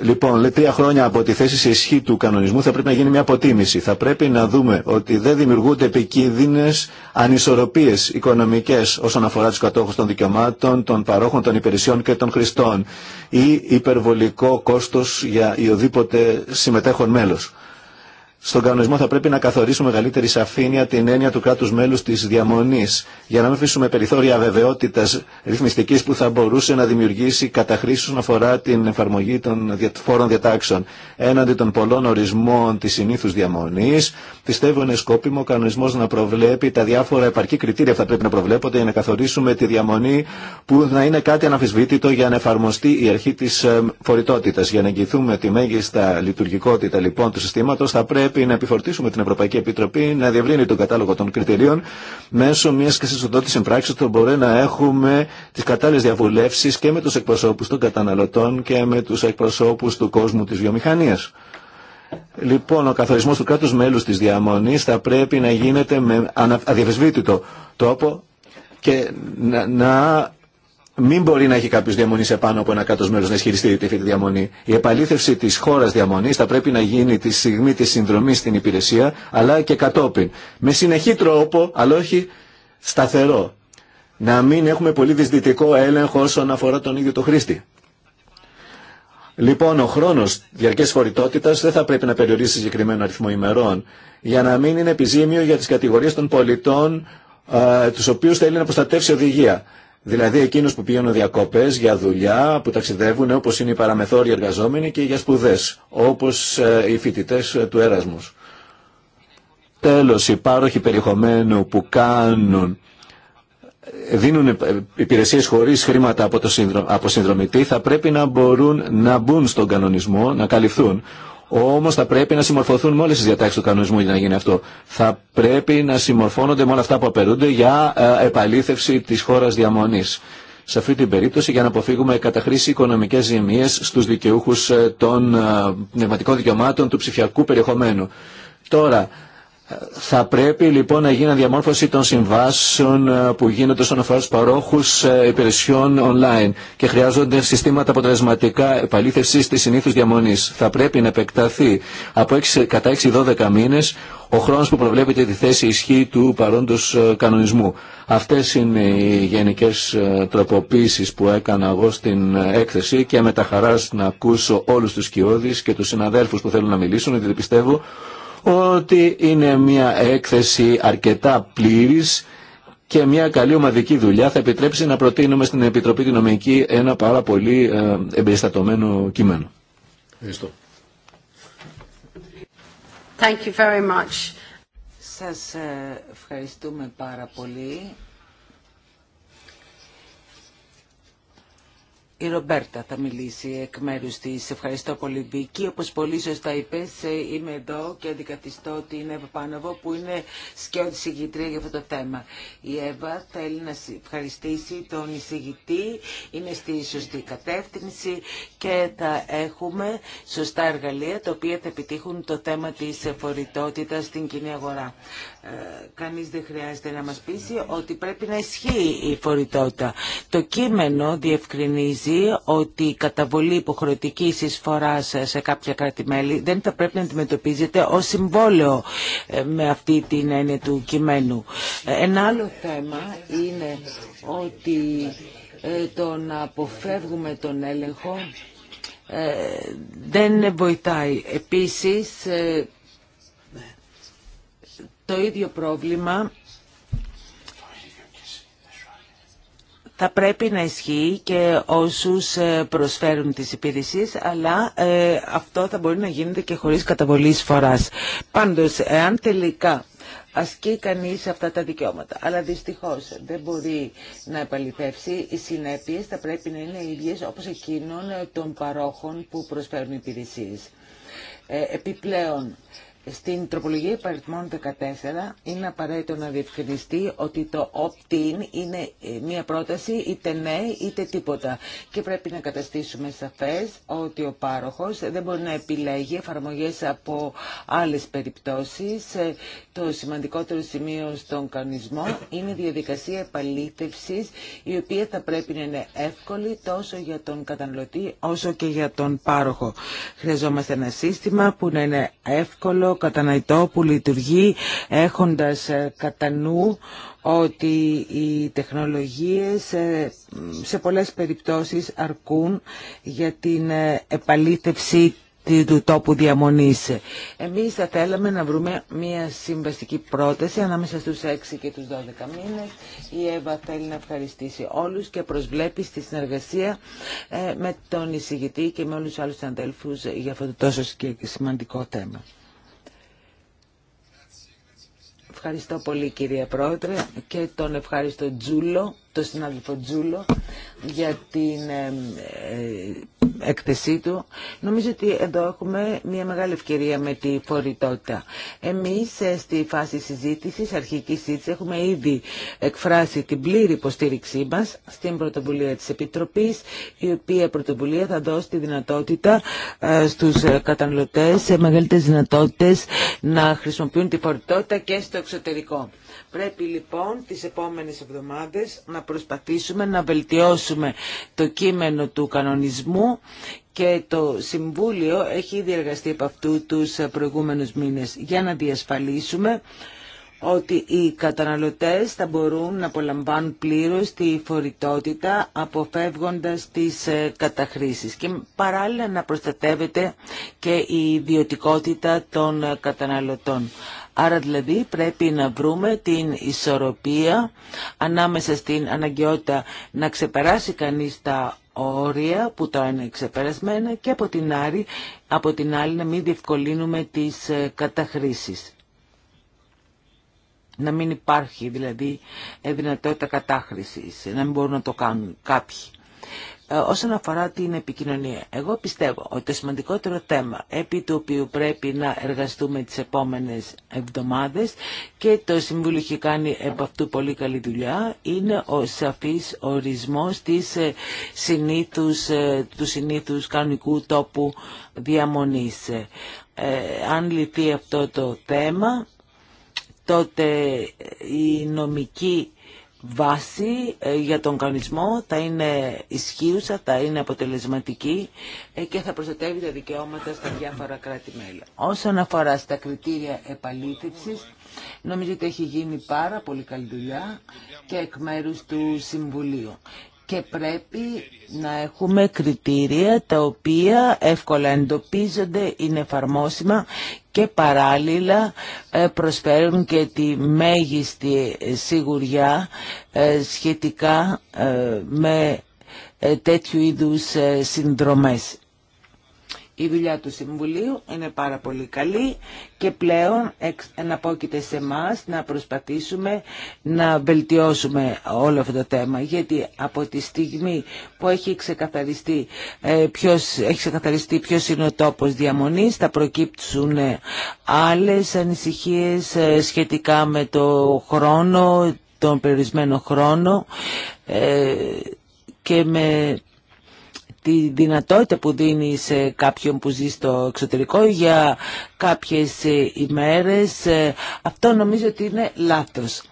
Λοιπόν, λέει τρία χρόνια από τη θέση σε ισχύ του κανονισμού θα πρέπει να γίνει μια αποτίμηση. Θα πρέπει να δούμε ότι δεν δημιουργούνται επικίνδυνε ανισορροπίε οικονομικέ όσον αφορά του κατόχου των δικαιωμάτων, των παρόχων των υπηρεσιών και των χρηστών ή υπερβολικό κόστο για οδήποτε συμμετέχον μέλο. Στον κανονισμό θα πρέπει να καθορίσουμε μεγαλύτερη σαφήνεια την έννοια του κράτου μέλου τη διαμονή, για να μην αφήσουμε περιθώρια αβεβαιότητα ρυθμιστική που θα μπορούσε να δημιουργήσει καταχρήσει όσον αφορά την εφαρμογή των φόρων διατάξεων. Έναντι των πολλών ορισμών τη συνήθου διαμονή, πιστεύω είναι σκόπιμο ο κανονισμό να προβλέπει τα διάφορα επαρκή κριτήρια που θα πρέπει να προβλέπονται για να καθορίσουμε τη διαμονή που να είναι κάτι αναφυσβήτητο για να εφαρμοστεί η αρχή τη ε, φορητότητα. Για να εγγυηθούμε τη μέγιστα λειτουργικότητα λοιπόν του συστήματο, θα πρέπει πρέπει να επιφορτήσουμε την Ευρωπαϊκή Επιτροπή να διευρύνει τον κατάλογο των κριτηρίων μέσω μια καθιστοδότη πράξη που μπορεί να έχουμε τι κατάλληλε διαβουλεύσει και με του εκπροσώπου των καταναλωτών και με του εκπροσώπου του κόσμου τη βιομηχανία. Λοιπόν, ο καθορισμό του κράτου μέλου τη διαμονή θα πρέπει να γίνεται με αδιαφεσβήτητο τόπο και να μην μπορεί να έχει κάποιο διαμονή σε πάνω από ένα κάτω μέρο να ισχυριστεί τη διαμονή. Η επαλήθευση τη χώρα διαμονή θα πρέπει να γίνει τη στιγμή τη συνδρομή στην υπηρεσία, αλλά και κατόπιν. Με συνεχή τρόπο, αλλά όχι σταθερό. Να μην έχουμε πολύ δυσδυτικό έλεγχο όσον αφορά τον ίδιο το χρήστη. Λοιπόν, ο χρόνο διαρκέ φορητότητα δεν θα πρέπει να περιορίσει συγκεκριμένο αριθμό ημερών, για να μην είναι επιζήμιο για τι κατηγορίε των πολιτών, του οποίου θέλει να προστατεύσει οδηγία. Δηλαδή εκείνους που πηγαίνουν διακοπές για δουλειά, που ταξιδεύουν όπως είναι οι παραμεθόροι εργαζόμενοι και για σπουδές, όπως ε, οι φοιτητές ε, του Έρασμους. Τέλος, οι πάροχοι περιεχομένου που κάνουν δίνουν ε, υπηρεσίες χωρίς χρήματα από, το συνδρομητή θα πρέπει να μπορούν να μπουν στον κανονισμό, να καλυφθούν. Όμω θα πρέπει να συμμορφωθούν με όλε τι διατάξει του κανονισμού για να γίνει αυτό. Θα πρέπει να συμμορφώνονται με όλα αυτά που απαιτούνται για ε, επαλήθευση τη χώρα διαμονή. Σε αυτή την περίπτωση, για να αποφύγουμε καταχρήση οικονομικέ ζημίε στου δικαιούχου ε, των ε, πνευματικών δικαιωμάτων του ψηφιακού περιεχομένου. Τώρα, θα πρέπει λοιπόν να γίνει διαμόρφωση των συμβάσεων ε, που γίνονται στον αφορά του παρόχου ε, υπηρεσιών online και χρειάζονται συστήματα αποτελεσματικά επαλήθευση τη συνήθου διαμονή. Θα πρέπει να επεκταθεί από 6, κατά 6-12 μήνε ο χρόνο που προβλέπεται τη θέση ισχύ του παρόντο ε, κανονισμού. Αυτέ είναι οι γενικέ τροποποίησει που έκανα εγώ στην έκθεση και με τα χαρά να ακούσω όλου του κοιόδη και του συναδέλφου που θέλουν να μιλήσουν, γιατί πιστεύω ότι είναι μια έκθεση αρκετά πλήρης και μια καλή ομαδική δουλειά θα επιτρέψει να προτείνουμε στην Επιτροπή την Νομική ένα πάρα πολύ ε, εμπεριστατωμένο κείμενο. Ευχαριστώ. Thank you very much. Σας ε, ευχαριστούμε πάρα πολύ. Η Ρομπέρτα θα μιλήσει εκ μέρους της. Ευχαριστώ πολύ, Βίκη. Όπως πολύ σωστά είπες, ε, είμαι εδώ και αντικαθιστώ την Εύα Πάνοβο, που είναι σκιώδη συγγητρία για αυτό το θέμα. Η Εύα θέλει να ευχαριστήσει τον εισηγητή, είναι στη σωστή κατεύθυνση και θα έχουμε σωστά εργαλεία, τα οποία θα επιτύχουν το θέμα της φορητότητας στην κοινή αγορά. Ε, κανείς δεν χρειάζεται να μας πείσει ότι πρέπει να ισχύει η φορητότητα. Το κείμενο διευκρινίζει ότι η καταβολή υποχρεωτικής εισφοράς σε κάποια κράτη-μέλη δεν θα πρέπει να αντιμετωπίζεται ως συμβόλαιο ε, με αυτή την έννοια του κειμένου. Ε, ένα άλλο θέμα είναι ότι το να αποφεύγουμε τον έλεγχο δεν βοηθάει. Επίσης, το ίδιο πρόβλημα θα πρέπει να ισχύει και όσους ε, προσφέρουν τις υπηρεσίες, αλλά ε, αυτό θα μπορεί να γίνεται και χωρίς καταβολή φοράς Πάντως, εάν τελικά ασκεί κανείς αυτά τα δικαιώματα, αλλά δυστυχώς δεν μπορεί να επαληθεύσει, οι συνέπειες θα πρέπει να είναι ίδιες όπως εκείνων των παρόχων που προσφέρουν υπηρεσίες. Ε, επιπλέον, στην τροπολογία υπαριθμών 14 είναι απαραίτητο να διευκρινιστεί ότι το opt-in είναι ε, μια πρόταση είτε ναι είτε τίποτα. Και πρέπει να καταστήσουμε σαφές ότι ο πάροχος δεν μπορεί να επιλέγει εφαρμογές από άλλες περιπτώσεις. Ε, το σημαντικότερο σημείο στον κανονισμό είναι η διαδικασία επαλήθευση, η οποία θα πρέπει να είναι εύκολη τόσο για τον καταναλωτή όσο και για τον πάροχο. Χρειαζόμαστε ένα σύστημα που να είναι εύκολο καταναητό που λειτουργεί έχοντας ε, κατά νου ότι οι τεχνολογίες ε, σε πολλές περιπτώσεις αρκούν για την ε, επαλήθευση του τόπου διαμονής. Εμείς θα θέλαμε να βρούμε μια συμβαστική πρόταση ανάμεσα στους 6 και τους 12 μήνες. Η Εύα θέλει να ευχαριστήσει όλους και προσβλέπει στη συνεργασία με τον εισηγητή και με όλους τους άλλους αντέλφους για αυτό το τόσο σημαντικό θέμα. Ευχαριστώ πολύ κυρία Πρόεδρε και τον ευχαριστώ Τζούλο το συνάδελφο Τζούλο για την ε, ε, έκθεσή του. Νομίζω ότι εδώ έχουμε μια μεγάλη ευκαιρία με τη φορητότητα. Εμείς ε, στη φάση συζήτησης, αρχική συζήτηση, έχουμε ήδη εκφράσει την πλήρη υποστήριξή μας στην πρωτοβουλία της Επιτροπής, η οποία πρωτοβουλία θα δώσει τη δυνατότητα στους καταναλωτές σε μεγαλύτερες δυνατότητες να χρησιμοποιούν τη φορητότητα και στο εξωτερικό. Πρέπει λοιπόν τις επόμενες εβδομάδες να προσπαθήσουμε να βελτιώσουμε το κείμενο του κανονισμού και το Συμβούλιο έχει διεργαστεί από αυτού τους προηγούμενους μήνες για να διασφαλίσουμε ότι οι καταναλωτές θα μπορούν να απολαμβάνουν πλήρως τη φορητότητα αποφεύγοντας τις ε, καταχρήσεις και παράλληλα να προστατεύεται και η ιδιωτικότητα των ε, καταναλωτών. Άρα δηλαδή πρέπει να βρούμε την ισορροπία ανάμεσα στην αναγκαιότητα να ξεπεράσει κανείς τα όρια που τώρα είναι ξεπερασμένα και από την άλλη, από την άλλη να μην διευκολύνουμε τις ε, καταχρήσεις. Να μην υπάρχει δηλαδή ε, δυνατότητα κατάχρησης, να μην μπορούν να το κάνουν κάποιοι όσον αφορά την επικοινωνία. Εγώ πιστεύω ότι το σημαντικότερο θέμα επί του οποίου πρέπει να εργαστούμε τις επόμενες εβδομάδες και το Συμβούλιο έχει κάνει από αυτού πολύ καλή δουλειά είναι ο σαφής ορισμός της ε, συνήθους, ε, του συνήθους κανονικού τόπου διαμονής. Ε, αν λυθεί αυτό το θέμα τότε η νομική βάση ε, για τον κανονισμό, θα είναι ισχύουσα, θα είναι αποτελεσματική ε, και θα προστατεύει τα δικαιώματα στα διάφορα κράτη-μέλη. Όσον αφορά στα κριτήρια επαλήθευσης, νομίζω ότι έχει γίνει πάρα πολύ καλή δουλειά και εκ μέρου του Συμβουλίου και πρέπει να έχουμε κριτήρια τα οποία εύκολα εντοπίζονται, είναι εφαρμόσιμα και παράλληλα ε, προσφέρουν και τη μέγιστη ε, σιγουριά ε, σχετικά με τέτοιου είδους συνδρομές. Η δουλειά του Συμβουλίου είναι πάρα πολύ καλή και πλέον εναπόκειται σε εμά να προσπαθήσουμε να βελτιώσουμε όλο αυτό το θέμα. Γιατί από τη στιγμή που έχει ξεκαθαριστεί ε, ποιος, έχει ξεκαθαριστεί ποιος είναι ο τόπος διαμονής θα προκύψουν ε, άλλες ανησυχίες ε, σχετικά με το χρόνο, τον περιορισμένο χρόνο και με τη δυνατότητα που δίνει σε κάποιον που ζει στο εξωτερικό για κάποιες ε, ημέρες. Ε, αυτό νομίζω ότι είναι λάθος.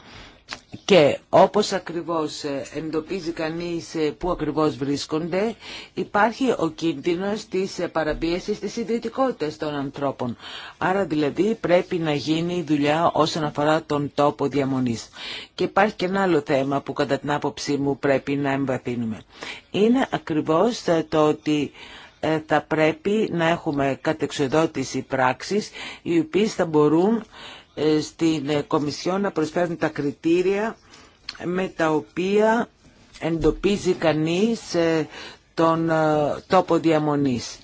Και όπως ακριβώς ε, εντοπίζει κανείς ε, πού ακριβώς βρίσκονται, υπάρχει ο κίνδυνος της ε, παραπίεσης της ιδρυτικότητας των ανθρώπων. Άρα δηλαδή πρέπει να γίνει δουλειά όσον αφορά τον τόπο διαμονής. Και υπάρχει και ένα άλλο θέμα που κατά την παραπιεσης της ιδιωτικότητας μου πρέπει να εμβαθύνουμε. Είναι ακριβώς το ότι θα πρέπει να έχουμε κατεξοδότηση πράξης οι οποίες θα μπορούν στην ε, Κομισιό να προσφέρουν τα κριτήρια με τα οποία εντοπίζει κανείς ε, τον ε, τόπο διαμονής.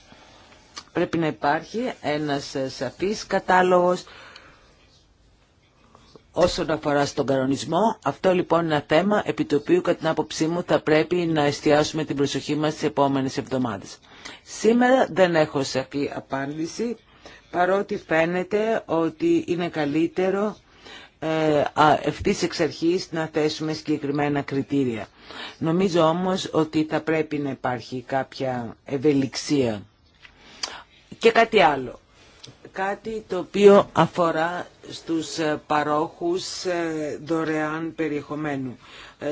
Πρέπει να υπάρχει ένας σαφής κατάλογος όσον αφορά στον κανονισμό. Αυτό λοιπόν είναι ένα θέμα επί το οποίο κατά την άποψή μου θα πρέπει να εστιάσουμε την προσοχή μας τις επόμενες εβδομάδες. Σήμερα δεν έχω σαφή απάντηση παρότι φαίνεται ότι είναι καλύτερο ε, ευθύς εξ αρχής να θέσουμε συγκεκριμένα κριτήρια. Νομίζω όμως ότι θα πρέπει να υπάρχει κάποια ευελιξία. Και κάτι άλλο. Κάτι το οποίο αφορά στους ε, παρόχους ε, δωρεάν περιεχομένου.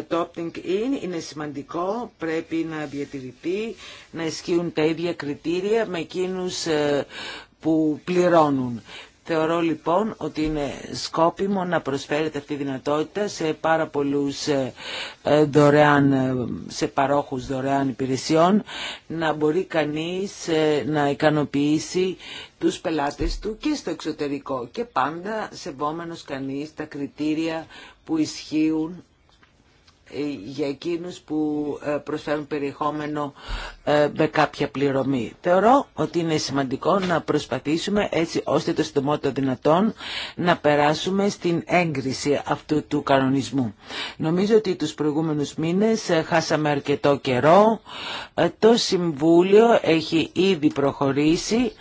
Το opting in είναι σημαντικό, πρέπει να διατηρηθεί, να ισχύουν τα ίδια κριτήρια με εκείνους που πληρώνουν. Θεωρώ λοιπόν ότι είναι σκόπιμο να προσφέρεται αυτή η δυνατότητα σε πάρα πολλούς ε, ε, δωρεάν, ε, σε παρόχους δωρεάν υπηρεσιών να μπορεί κανείς να ικανοποιήσει τους πελάτες του και στο εξωτερικό και πάντα σεβόμενος κανείς τα κριτήρια που ισχύουν για εκείνους που ε, προσφέρουν περιεχόμενο ε, με κάποια πληρωμή. Θεωρώ ότι είναι σημαντικό να προσπαθήσουμε έτσι ώστε το συντομότερο δυνατόν να περάσουμε στην έγκριση αυτού του κανονισμού. Νομίζω ότι τους προηγούμενους μήνες ε, χάσαμε αρκετό καιρό. Το Συμβούλιο έχει ήδη προχωρήσει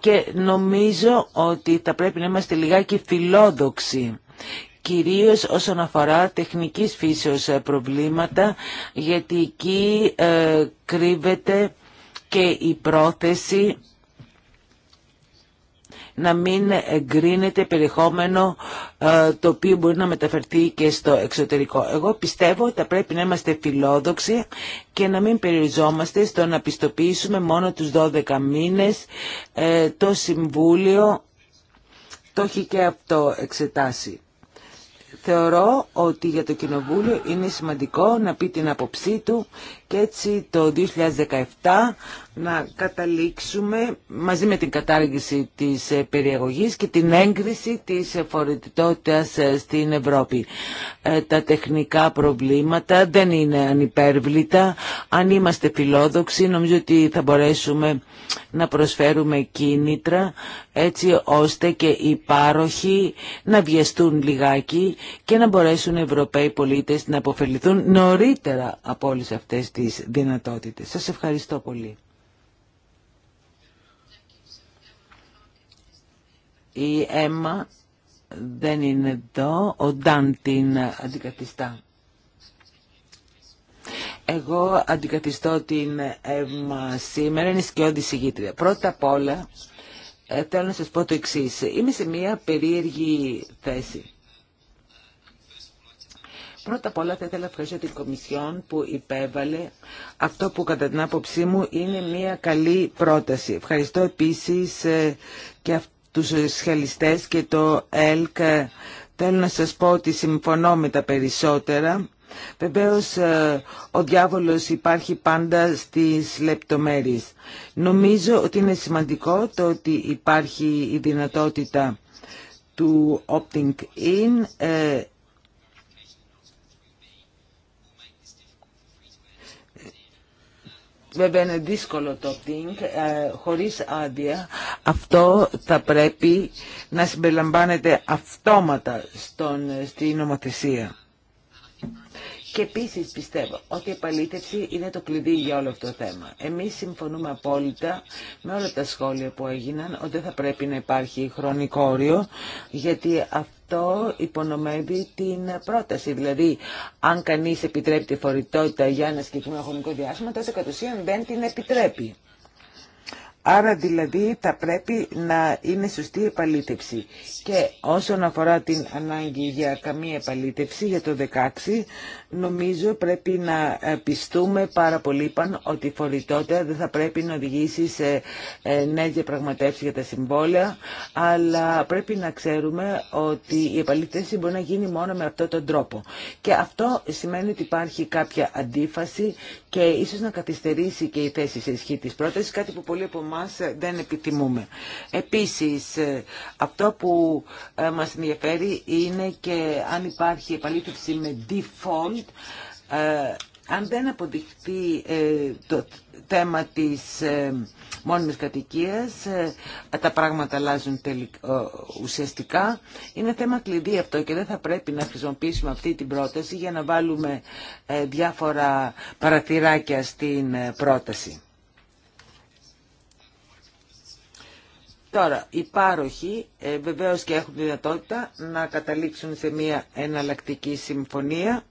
και νομίζω ότι θα πρέπει να είμαστε λιγάκι φιλόδοξοι κυρίως όσον αφορά τεχνικής φύσεως ε, προβλήματα, γιατί εκεί ε, κρύβεται και η πρόθεση να μην εγκρίνεται περιεχόμενο ε, το οποίο μπορεί να μεταφερθεί και στο εξωτερικό. Εγώ πιστεύω ότι θα πρέπει να είμαστε φιλόδοξοι και να μην περιοριζόμαστε στο να πιστοποιήσουμε μόνο τους 12 μήνες το Συμβούλιο το έχει και αυτό εξετάσει. Θεωρώ ότι για το Κοινοβούλιο είναι σημαντικό να πει την άποψή του και έτσι το 2017 να καταλήξουμε μαζί με την κατάργηση της ε, περιεγωγής και την έγκριση της φορητότητας ε, στην Ευρώπη. Ε, τα τεχνικά προβλήματα δεν είναι ανυπέρβλητα. Αν είμαστε φιλόδοξοι νομίζω ότι θα μπορέσουμε να προσφέρουμε κίνητρα έτσι ώστε και οι πάροχοι να βιαστούν λιγάκι και να μπορέσουν οι Ευρωπαίοι πολίτες να αποφεληθούν νωρίτερα από όλες αυτές τις τις δυνατότητες. Σας ευχαριστώ πολύ. Η Έμα δεν είναι εδώ, ο Ντάν την αντικαθιστά. Εγώ αντικαθιστώ την Έμα σήμερα, είναι σκιώδη συγγήτρια. Πρώτα απ' όλα ε, θέλω να σας πω το εξής. Είμαι σε μια περίεργη θέση. Πρώτα απ' όλα θα ήθελα να ευχαριστώ την Κομισιόν που υπέβαλε αυτό που κατά την άποψή μου είναι μια καλή πρόταση. Ευχαριστώ επίσης ε, και τους σχελιστές και το ΕΛΚ. Ε, θέλω να σας πω ότι συμφωνώ με τα περισσότερα. Βεβαίως ε, ο διάβολος υπάρχει πάντα στις λεπτομέρειες. Νομίζω ότι είναι σημαντικό το ότι υπάρχει η δυνατότητα του opting in Βέβαια είναι δύσκολο το opting, ε, χωρίς άδεια. Αυτό θα πρέπει να συμπεριλαμβάνεται αυτόματα στον, ε, στη νομοθεσία. Και επίσης πιστεύω ότι η επαλήτευση είναι το κλειδί για όλο αυτό το θέμα. Εμείς συμφωνούμε απόλυτα με όλα τα σχόλια που έγιναν ότι δεν θα πρέπει να υπάρχει χρονικό όριο, γιατί αυτό αυτό υπονομεύει την πρόταση. Δηλαδή, αν κανείς επιτρέπει τη φορητότητα για ένα συγκεκριμένο χρονικό διάστημα, τότε κατ' ουσίαν δεν την επιτρέπει. Άρα δηλαδή θα πρέπει να είναι σωστή η επαλήτευση. Και όσον αφορά την ανάγκη για καμία επαλήτευση για το 16, νομίζω πρέπει να ε, πιστούμε πάρα πολύ παν ότι η φορητότητα δεν θα πρέπει να οδηγήσει σε ε, νέες διαπραγματεύσεις για τα συμβόλαια, αλλά πρέπει να ξέρουμε ότι η επαλήτευση μπορεί να γίνει μόνο με αυτόν τον τρόπο. Και αυτό σημαίνει ότι υπάρχει κάποια αντίφαση και ίσω να καθυστερήσει και η θέση σε ισχύ τη πρόταση κάτι που πολλοί από εμά δεν επιθυμούμε. Επίση, ε, αυτό που ε, μα ενδιαφέρει είναι και αν υπάρχει επαλήθευση με default, ε, αν δεν αποδειχτεί ε, το θέμα της ε, μόνιμης κατοικίας, ε, τα πράγματα αλλάζουν ουσιαστικά. Είναι θέμα κλειδί αυτό και δεν θα πρέπει να χρησιμοποιήσουμε αυτή την πρόταση για να βάλουμε διάφορα παρατηράκια στην πρόταση. Τώρα, οι πάροχοι βεβαίως και έχουν δυνατότητα να καταλήξουν σε μια εναλλακτική συμφωνία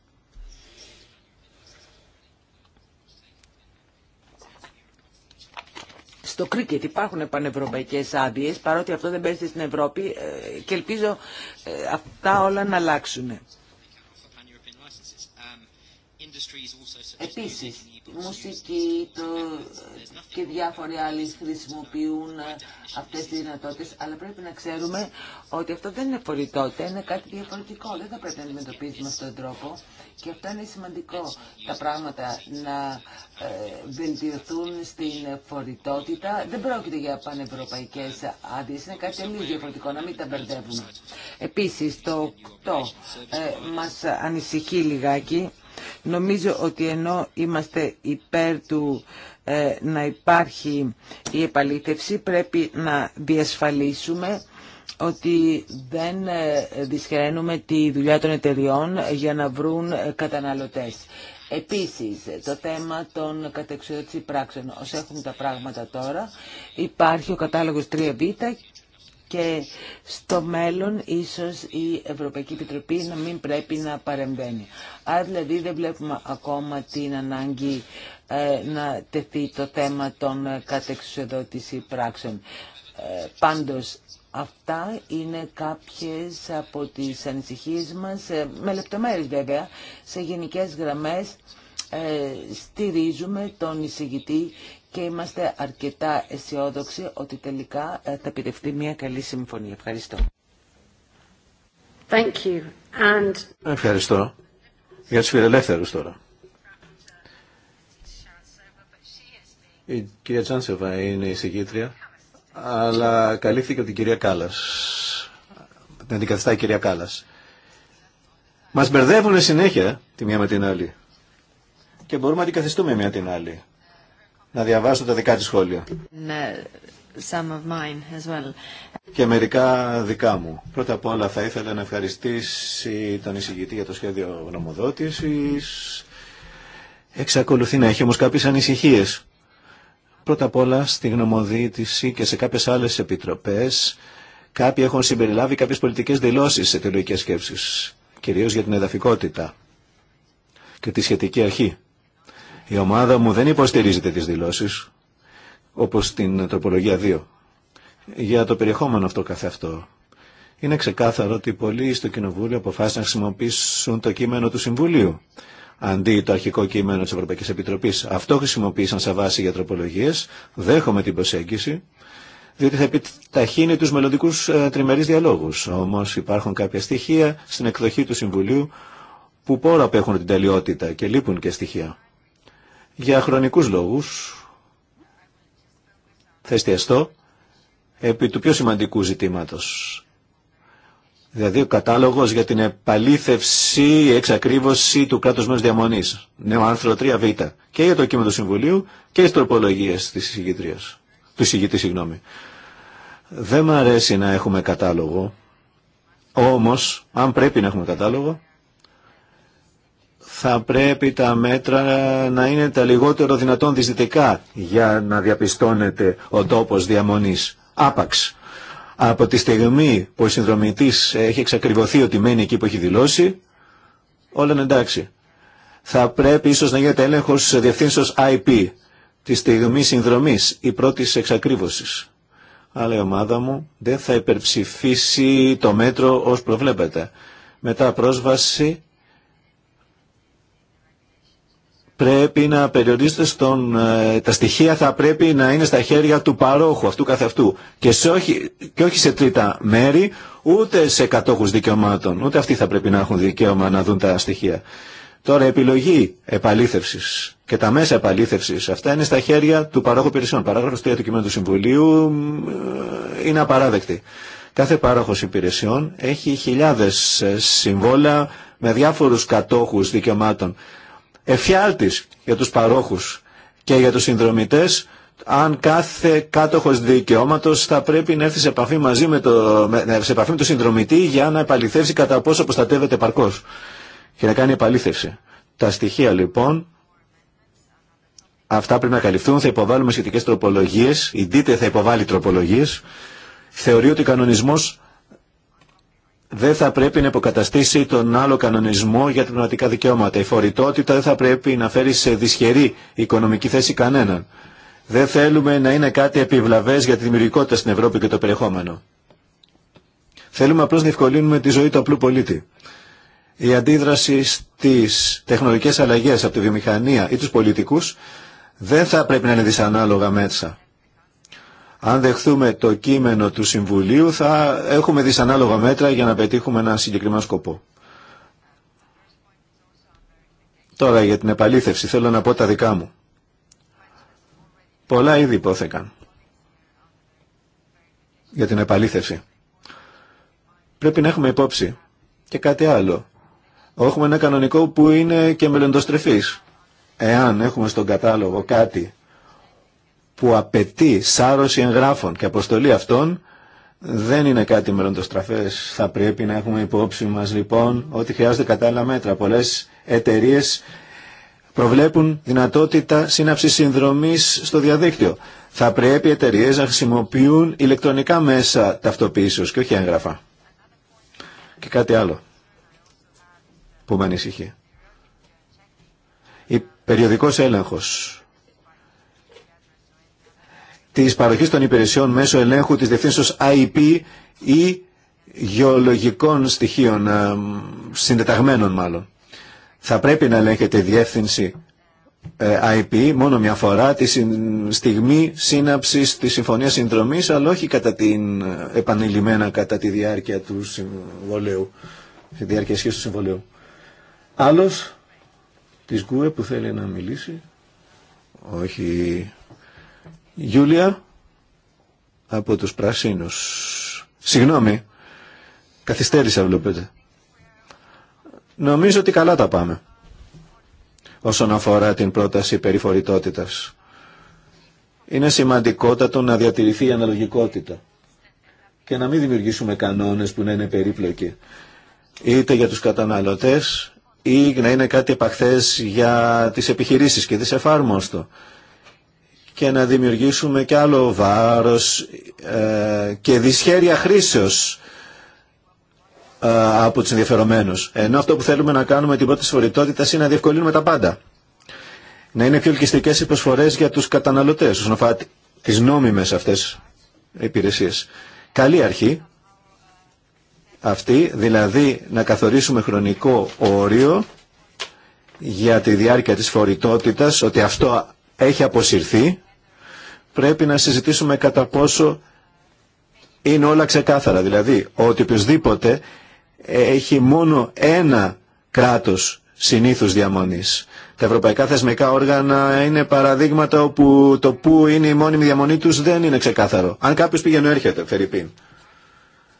στο κρίκετ υπάρχουν πανευρωπαϊκές άδειε, παρότι αυτό δεν παίζεται στην Ευρώπη ε, και ελπίζω ε, αυτά όλα να αλλάξουν. Επίσης, μουσική το, και διάφοροι άλλοι χρησιμοποιούν αυτές τις δυνατότητες, αλλά πρέπει να ξέρουμε ότι αυτό δεν είναι φορητότητα, είναι κάτι διαφορετικό. Δεν θα πρέπει να αντιμετωπίζουμε αυτόν τον τρόπο και αυτό είναι σημαντικό τα πράγματα να ε, βελτιωθούν στην φορητότητα. Δεν πρόκειται για πανευρωπαϊκές άδειες, είναι κάτι τελείως διαφορετικό, να μην τα μπερδεύουμε. Επίσης, το 8 ε, μας ανησυχεί λιγάκι Νομίζω ότι ενώ είμαστε υπέρ του ε, να υπάρχει η επαλήθευση, πρέπει να διασφαλίσουμε ότι δεν ε, δυσχεραίνουμε τη δουλειά των εταιριών για να βρουν ε, καταναλωτές. Επίσης, το θέμα των κατεξοδότησης πράξεων, όσο έχουν τα πράγματα τώρα, υπάρχει ο κατάλογος 3β και στο μέλλον ίσως η Ευρωπαϊκή Επιτροπή να μην πρέπει να παρεμβαίνει. Άρα δηλαδή δεν βλέπουμε ακόμα την ανάγκη ε, να τεθεί το θέμα των ε, κατεξουσιοδότηση πράξεων. Ε, πάντως Αυτά είναι κάποιες από τις ανησυχίες μας, με λεπτομέρειες βέβαια, σε γενικές γραμμές στηρίζουμε τον εισηγητή και είμαστε αρκετά αισιόδοξοι ότι τελικά ε, θα επιτευχθεί μια καλή συμφωνία. Ευχαριστώ. Thank you. And... Ευχαριστώ. Για τους φιλελεύθερους τώρα. Η κυρία Τσάνσεβα είναι η συγκήτρια, αλλά καλύφθηκε την κυρία Κάλλας. Την αντικαθιστά η κυρία Κάλλας. Μας μπερδεύουν συνέχεια τη μία με την άλλη. Και μπορούμε να αντικαθιστούμε μία την άλλη να διαβάσω τα δικά της σχόλια. Uh, και μερικά δικά μου. Πρώτα απ' όλα θα ήθελα να ευχαριστήσει τον εισηγητή για το σχέδιο γνωμοδότησης. Εξακολουθεί να έχει όμως κάποιες ανησυχίες. Πρώτα απ' όλα στη γνωμοδίτηση και σε κάποιες άλλες επιτροπές κάποιοι έχουν συμπεριλάβει κάποιες πολιτικές δηλώσεις σε τελογικές σκέψεις, κυρίως για την εδαφικότητα και τη σχετική αρχή. Η ομάδα μου δεν υποστηρίζεται τέτοιες δηλώσεις, όπως στην τροπολογία 2. Για το περιεχόμενο αυτό καθεαυτό. Είναι ξεκάθαρο ότι πολλοί στο Κοινοβούλιο αποφάσισαν να χρησιμοποιήσουν το κείμενο του Συμβουλίου αντί το αρχικό κείμενο της Ευρωπαϊκής Επιτροπής. Αυτό χρησιμοποίησαν σε βάση για τροπολογίες. Δέχομαι την προσέγγιση, διότι θα επιταχύνει τους μελλοντικού ε, τριμερείς διαλόγους. Όμως υπάρχουν κάποια στοιχεία στην εκδοχή του Συμβουλίου που πόρα απέχουν την τελειότητα και λείπουν και στοιχεία. Για χρονικούς λόγους θα εστιαστώ επί του πιο σημαντικού ζητήματος. Δηλαδή ο κατάλογος για την επαλήθευση, ή εξακρίβωση του κρατους μερους μέλους διαμονής. άνθρωπο άρθρο 3β. Και για το κείμενο του Συμβουλίου και στις τροπολογίες της Του συγγητή. Δεν μου αρέσει να έχουμε κατάλογο. Όμως, αν πρέπει να έχουμε κατάλογο, θα πρέπει τα μέτρα να είναι τα λιγότερο δυνατόν δυσδυτικά για να διαπιστώνεται ο τόπος διαμονής. Άπαξ. Από τη στιγμή που ο συνδρομητής έχει εξακριβωθεί ότι μένει εκεί που έχει δηλώσει, όλα είναι εντάξει. Θα πρέπει ίσως να γίνεται έλεγχος διευθύνσεως IP, τη στιγμή συνδρομής ή πρώτης εξακρίβωσης. Αλλά η πρώτη εξακριβωσης αλλα η ομαδα μου δεν θα υπερψηφίσει το μέτρο ως προβλέπεται. Μετά πρόσβαση πρέπει να περιορίζεται στον... Ε, τα στοιχεία θα πρέπει να είναι στα χέρια του παρόχου αυτού καθεαυτού και, σε όχι, και όχι σε τρίτα μέρη ούτε σε κατόχους δικαιωμάτων. Ούτε αυτοί θα πρέπει να έχουν δικαίωμα να δουν τα στοιχεία. Τώρα επιλογή επαλήθευσης και τα μέσα επαλήθευσης αυτά είναι στα χέρια του παρόχου υπηρεσιών. Παράγραφος 3 του κειμένου του Συμβουλίου ε, είναι απαράδεκτη. Κάθε παρόχος υπηρεσιών έχει χιλιάδες ε, συμβόλαια με διάφορους κατόχους δικαιωμάτων εφιάλτης για τους παρόχους και για τους συνδρομητές αν κάθε κάτοχος δικαιώματος θα πρέπει να έρθει σε επαφή, μαζί με το, σε επαφή με το συνδρομητή για να επαληθεύσει κατά πόσο προστατεύεται παρκώς και να κάνει επαλήθευση. Τα στοιχεία λοιπόν αυτά πρέπει να καλυφθούν, θα υποβάλουμε σχετικές τροπολογίες, η ΔΙΤΕ θα υποβάλει τροπολογίες. Θεωρεί ότι ο κανονισμός δεν θα πρέπει να υποκαταστήσει τον άλλο κανονισμό για τα πνευματικά δικαιώματα. Η φορητότητα δεν θα πρέπει να φέρει σε δυσχερή οικονομική θέση κανέναν. Δεν θέλουμε να είναι κάτι επιβλαβές για τη δημιουργικότητα στην Ευρώπη και το περιεχόμενο. Θέλουμε απλώς να ευκολύνουμε τη ζωή του απλού πολίτη. Η αντίδραση στι τεχνολογικέ αλλαγέ από τη βιομηχανία ή του πολιτικού δεν θα πρέπει να είναι δυσανάλογα μέσα. Αν δεχθούμε το κείμενο του Συμβουλίου θα έχουμε δυσανάλογα μέτρα για να πετύχουμε ένα συγκεκριμένο σκοπό. Τώρα για την επαλήθευση θέλω να πω τα δικά μου. Πολλά ήδη υπόθεκαν για την επαλήθευση. Πρέπει να έχουμε υπόψη και κάτι άλλο. Έχουμε ένα κανονικό που είναι και μελλοντοστρεφής. Εάν έχουμε στον κατάλογο κάτι που απαιτεί σάρωση εγγράφων και αποστολή αυτών δεν είναι κάτι μελλοντοστραφές. Θα πρέπει να έχουμε υπόψη μας λοιπόν ότι χρειάζονται κατάλληλα μέτρα. Πολλές εταιρείε προβλέπουν δυνατότητα σύναψη συνδρομής στο διαδίκτυο. Θα πρέπει οι εταιρείε να χρησιμοποιούν ηλεκτρονικά μέσα ταυτοποίησεως και όχι έγγραφα. Και κάτι άλλο που με ανησυχεί. Η περιοδικός έλεγχος της παροχής των υπηρεσιών μέσω ελέγχου της διευθύνσεως IP ή γεωλογικών στοιχείων, ε, συντεταγμένων μάλλον. Θα πρέπει να ελέγχεται η διεύθυνση ε, IP μόνο μια φορά τη στιγμή σύναψης της συμφωνίας συνδρομής, αλλά όχι κατά την, ε, επανειλημμένα κατά τη διάρκεια του συμβολέου, τη διάρκεια του συμβολέου. Άλλος, της γούε που θέλει να μιλήσει. Όχι, Γιούλια από τους Πρασίνους. Συγγνώμη, καθυστέρησα βλέπετε. Νομίζω ότι καλά τα πάμε όσον αφορά την πρόταση περιφορητότητας. Είναι σημαντικότατο να διατηρηθεί η αναλογικότητα και να μην δημιουργήσουμε κανόνες που να είναι περίπλοκοι είτε για τους καταναλωτές ή να είναι κάτι επαχθές για τις επιχειρήσεις και τις και να δημιουργήσουμε και άλλο βάρος ε, και δυσχέρεια χρήσεως ε, από τους ενδιαφερομένους. Ενώ αυτό που θέλουμε να κάνουμε την πρώτη φορητότητα είναι να διευκολύνουμε τα πάντα. Να είναι πιο ελκυστικές οι προσφορές για τους καταναλωτές όσον αφορά τις νόμιμες αυτές υπηρεσίες. Καλή αρχή αυτή, δηλαδή να καθορίσουμε χρονικό όριο για τη διάρκεια της φορητότητας, ότι αυτό έχει αποσυρθεί πρέπει να συζητήσουμε κατά πόσο είναι όλα ξεκάθαρα. Δηλαδή ότι οποιοδήποτε έχει μόνο ένα κράτος συνήθους διαμονής. Τα ευρωπαϊκά θεσμικά όργανα είναι παραδείγματα όπου το που είναι η μόνιμη διαμονή τους δεν είναι ξεκάθαρο. Αν κάποιος πήγαινε έρχεται, Φερρυπίν,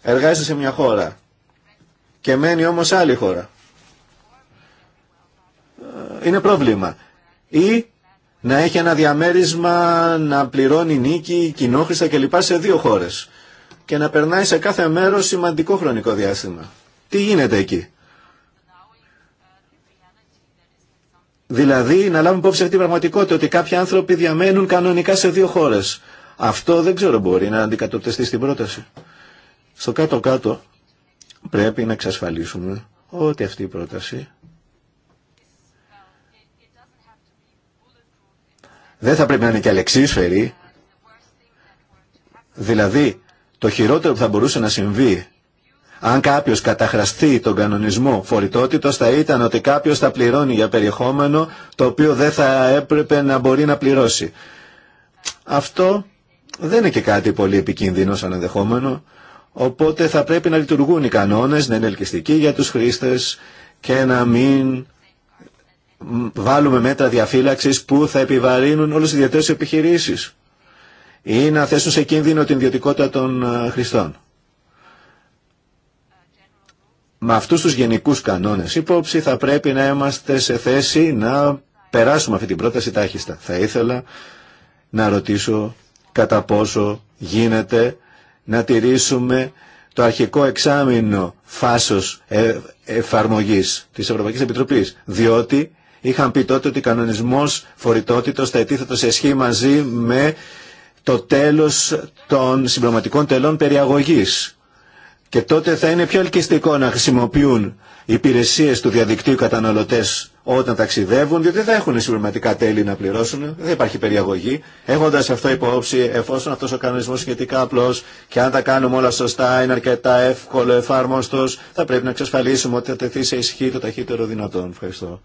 εργάζεται σε μια χώρα και μένει όμως άλλη χώρα. Ε, είναι πρόβλημα. Ή να έχει ένα διαμέρισμα, να πληρώνει νίκη, κοινόχρηστα κλπ. σε δύο χώρες και να περνάει σε κάθε μέρος σημαντικό χρονικό διάστημα. Τι γίνεται εκεί. Δηλαδή να λάβουμε υπόψη αυτή την πραγματικότητα ότι κάποιοι άνθρωποι διαμένουν κανονικά σε δύο χώρες. Αυτό δεν ξέρω μπορεί να αντικατοπτεστεί στην πρόταση. Στο κάτω-κάτω πρέπει να εξασφαλίσουμε ότι αυτή η πρόταση δεν θα πρέπει να είναι και αλεξίσφαιρη. Δηλαδή, το χειρότερο που θα μπορούσε να συμβεί αν κάποιο καταχραστεί τον κανονισμό φορητότητος θα ήταν ότι κάποιο θα πληρώνει για περιεχόμενο το οποίο δεν θα έπρεπε να μπορεί να πληρώσει. Αυτό δεν είναι και κάτι πολύ επικίνδυνο σαν ενδεχόμενο, οπότε θα πρέπει να λειτουργούν οι κανόνες, να είναι ελκυστικοί για τους χρήστες και να μην βάλουμε μέτρα διαφύλαξης που θα επιβαρύνουν όλες τι ιδιαίτερε επιχειρήσει ή να θέσουν σε κίνδυνο την ιδιωτικότητα των ε, χρηστών. Με αυτούς τους γενικούς κανόνες υπόψη θα πρέπει να είμαστε σε θέση να περάσουμε αυτή την πρόταση τάχιστα. Θα ήθελα να ρωτήσω κατά πόσο γίνεται να τηρήσουμε το αρχικό εξάμεινο φάσος ε, εφαρμογής της Ευρωπαϊκής Επιτροπής, διότι Είχαν πει τότε ότι ο κανονισμός φορητότητος θα ετίθεται σε ισχύ μαζί με το τέλος των συμπληρωματικών τελών περιαγωγής. Και τότε θα είναι πιο ελκυστικό να χρησιμοποιούν υπηρεσίες του διαδικτύου καταναλωτές όταν ταξιδεύουν, διότι δεν θα έχουν συμπληρωματικά τέλη να πληρώσουν, δεν υπάρχει περιαγωγή. Έχοντας αυτό υπόψη, εφόσον αυτός ο κανονισμός σχετικά απλός και αν τα κάνουμε όλα σωστά, είναι αρκετά εύκολο εφάρμοστος, θα πρέπει να εξασφαλίσουμε ότι θα τεθεί σε ισχύ το ταχύτερο δυνατόν. Ευχαριστώ.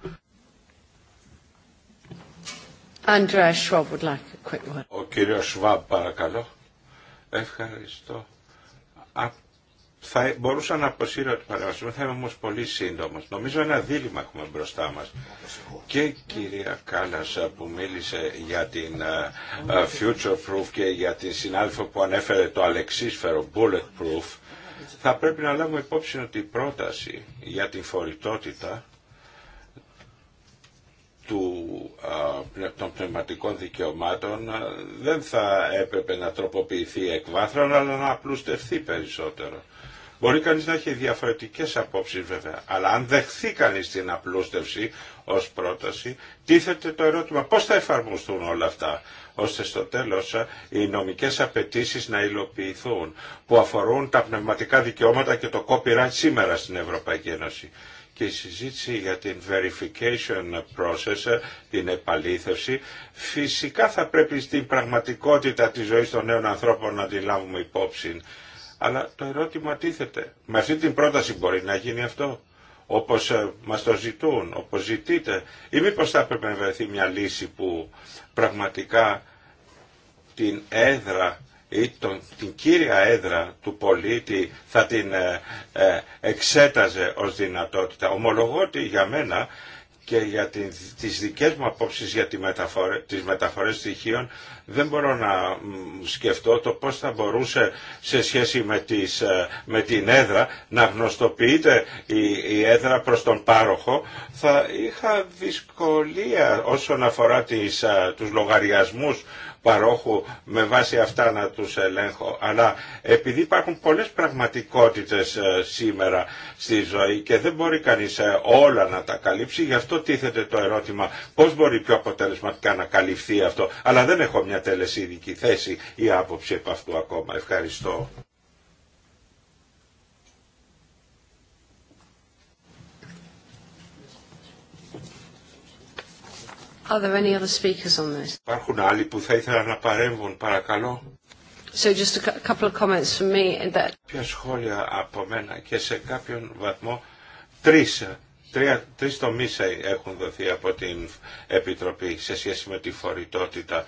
Ο κύριος Σβάμπ παρακαλώ. Ευχαριστώ. θα μπορούσα να αποσύρω ότι παρέμβαση θα είμαι όμως πολύ σύντομος. Νομίζω ένα δίλημα έχουμε μπροστά μας. Και η κυρία Κάλλας που μίλησε για την ε, ε, future proof και για την συνάδελφο που ανέφερε το αλεξίσφαιρο bullet proof, θα πρέπει να λάβουμε υπόψη ότι η πρόταση για την φορητότητα του ε, των πνευματικών δικαιωμάτων ε, δεν θα έπρεπε να τροποποιηθεί εκ βάθρων, αλλά να απλουστευτεί περισσότερο. Μπορεί κανείς να έχει διαφορετικές απόψεις βέβαια, αλλά αν δεχθεί κανείς την απλούστευση ως πρόταση, τίθεται το ερώτημα πώς θα εφαρμοστούν όλα αυτά ώστε στο τέλος ε, οι νομικές απαιτήσει να υλοποιηθούν που αφορούν τα πνευματικά δικαιώματα και το copyright σήμερα στην Ευρωπαϊκή Ένωση και η συζήτηση για την verification process, την επαλήθευση, φυσικά θα πρέπει στην πραγματικότητα της ζωής των νέων ανθρώπων να τη λάβουμε υπόψη. Αλλά το ερώτημα τίθεται. Με αυτή την πρόταση μπορεί να γίνει αυτό όπως ε, μας το ζητούν, όπως ζητείτε ή μήπως θα έπρεπε να βρεθεί μια λύση που πραγματικά την έδρα ή την κύρια έδρα του πολίτη θα την ε, ε, εξέταζε ως δυνατότητα. Ομολογώ ότι για μένα και για την, τις δικές μου απόψεις για τη μεταφορε, τις μεταφορές στοιχείων δεν μπορώ να σκεφτώ το πώς θα μπορούσε σε σχέση με, τις, ε, με την έδρα να γνωστοποιείται η, έδρα προς τον πάροχο. Θα είχα δυσκολία όσον αφορά τις, τους λογαριασμούς παρόχου με βάση αυτά να τους ελέγχω. Αλλά επειδή υπάρχουν πολλές πραγματικότητες ε, σήμερα στη ζωή και δεν μπορεί κανείς ε, όλα να τα καλύψει, γι' αυτό τίθεται το ερώτημα πώς μπορεί πιο αποτελεσματικά να καλυφθεί αυτό. Αλλά δεν έχω μια τελεσίδικη θέση ή άποψη από αυτού ακόμα. Ευχαριστώ. Are there any other speakers on this? Υπάρχουν άλλοι που θα ήθελαν να παρέμβουν, παρακαλώ. So just a couple of comments from me that... Ποια σχόλια από μένα και σε κάποιον βαθμό τρεις, τρία, τρεις τομείς έχουν δοθεί από την Επιτροπή σε σχέση με τη φορητότητα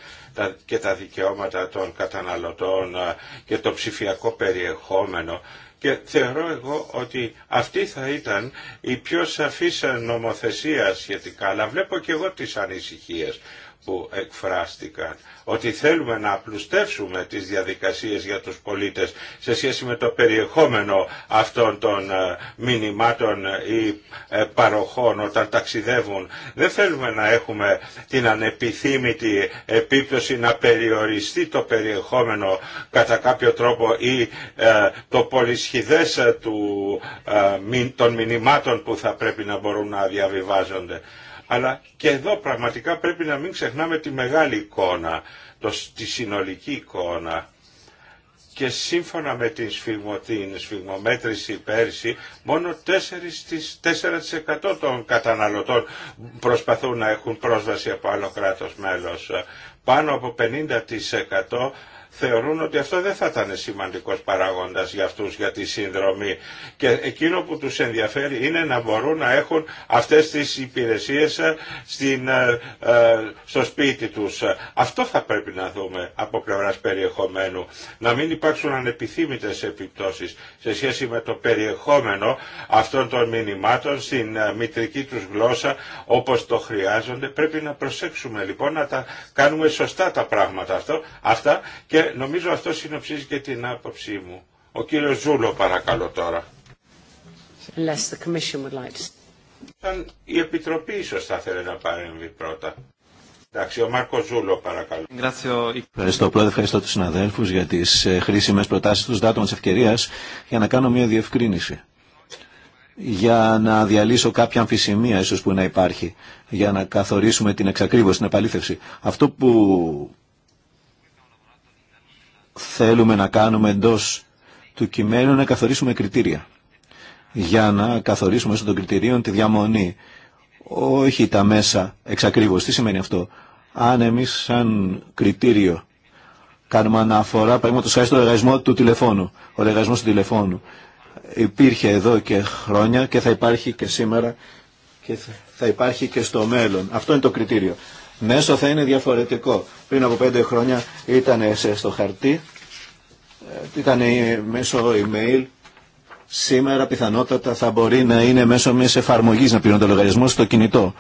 και τα δικαιώματα των καταναλωτών ε, και το ψηφιακό περιεχόμενο και θεωρώ εγώ ότι αυτή θα ήταν η πιο σαφής νομοθεσία σχετικά, αλλά βλέπω και εγώ τις ανησυχίες που εκφράστηκαν. Ότι θέλουμε να απλουστεύσουμε τις διαδικασίες για τους πολίτες σε σχέση με το περιεχόμενο αυτών των ε, μηνυμάτων ή ε, παροχών όταν ταξιδεύουν. Δεν θέλουμε να έχουμε την ανεπιθύμητη επίπτωση να περιοριστεί το περιεχόμενο κατά κάποιο τρόπο ή ε, το πολυσχηδές του, των μηνυμάτων που θα πρέπει να μπορούν να διαβιβάζονται. Αλλά και εδώ πραγματικά πρέπει να μην ξεχνάμε τη μεγάλη εικόνα, το, τη συνολική εικόνα. Και σύμφωνα με την, σφιγμο, την σφιγμομέτρηση πέρσι, μόνο 4%, 4 των καταναλωτών προσπαθούν να έχουν πρόσβαση από άλλο κράτος μέλος. Πάνω από 50% θεωρούν ότι αυτό δεν θα ήταν σημαντικός παράγοντας για αυτούς για τη συνδρομή και εκείνο που τους ενδιαφέρει είναι να μπορούν να έχουν αυτές τις υπηρεσίες ε, ε, ε, στο σπίτι τους. Αυτό θα πρέπει να δούμε από πλευράς περιεχομένου. Να μην υπάρξουν ανεπιθύμητες επιπτώσεις σε σχέση με το περιεχόμενο αυτών των μηνυμάτων στην μητρική τους γλώσσα όπως το χρειάζονται. Πρέπει να προσέξουμε λοιπόν να τα κάνουμε σωστά τα πράγματα αυτό, αυτά και νομίζω αυτό συνοψίζει και την άποψή μου. Ο κύριο Ζούλο παρακαλώ τώρα. Αν η Επιτροπή ίσω θα θέλει να παρέμβει πρώτα. Εντάξει, ο Μάρκο Ζούλο, παρακαλώ. Ευχαριστώ, πρώτα, Ευχαριστώ του συναδέλφου για τι ε, χρήσιμε προτάσει του. Δάτων τη ευκαιρία για να κάνω μια διευκρίνηση. Για να διαλύσω κάποια αμφισημία, ίσω που να υπάρχει. Για να καθορίσουμε την εξακρίβωση, την επαλήθευση. Αυτό που θέλουμε να κάνουμε εντό του κειμένου να καθορίσουμε κριτήρια. Για να καθορίσουμε μέσω των κριτηρίων τη διαμονή. Όχι τα μέσα εξακρίβως. Τι σημαίνει αυτό. Αν εμείς σαν κριτήριο κάνουμε αναφορά, το χάρη στον εργασμό του τηλεφώνου. Ο εργασμός του τηλεφώνου υπήρχε εδώ και χρόνια και θα υπάρχει και σήμερα και θα υπάρχει και στο μέλλον. Αυτό είναι το κριτήριο μέσο θα είναι διαφορετικό. Πριν από πέντε χρόνια ήταν στο χαρτί, ε, ήταν μέσω email. Σήμερα πιθανότατα θα μπορεί να είναι μέσω μια εφαρμογή να πληρώνει το λογαριασμό στο κινητό.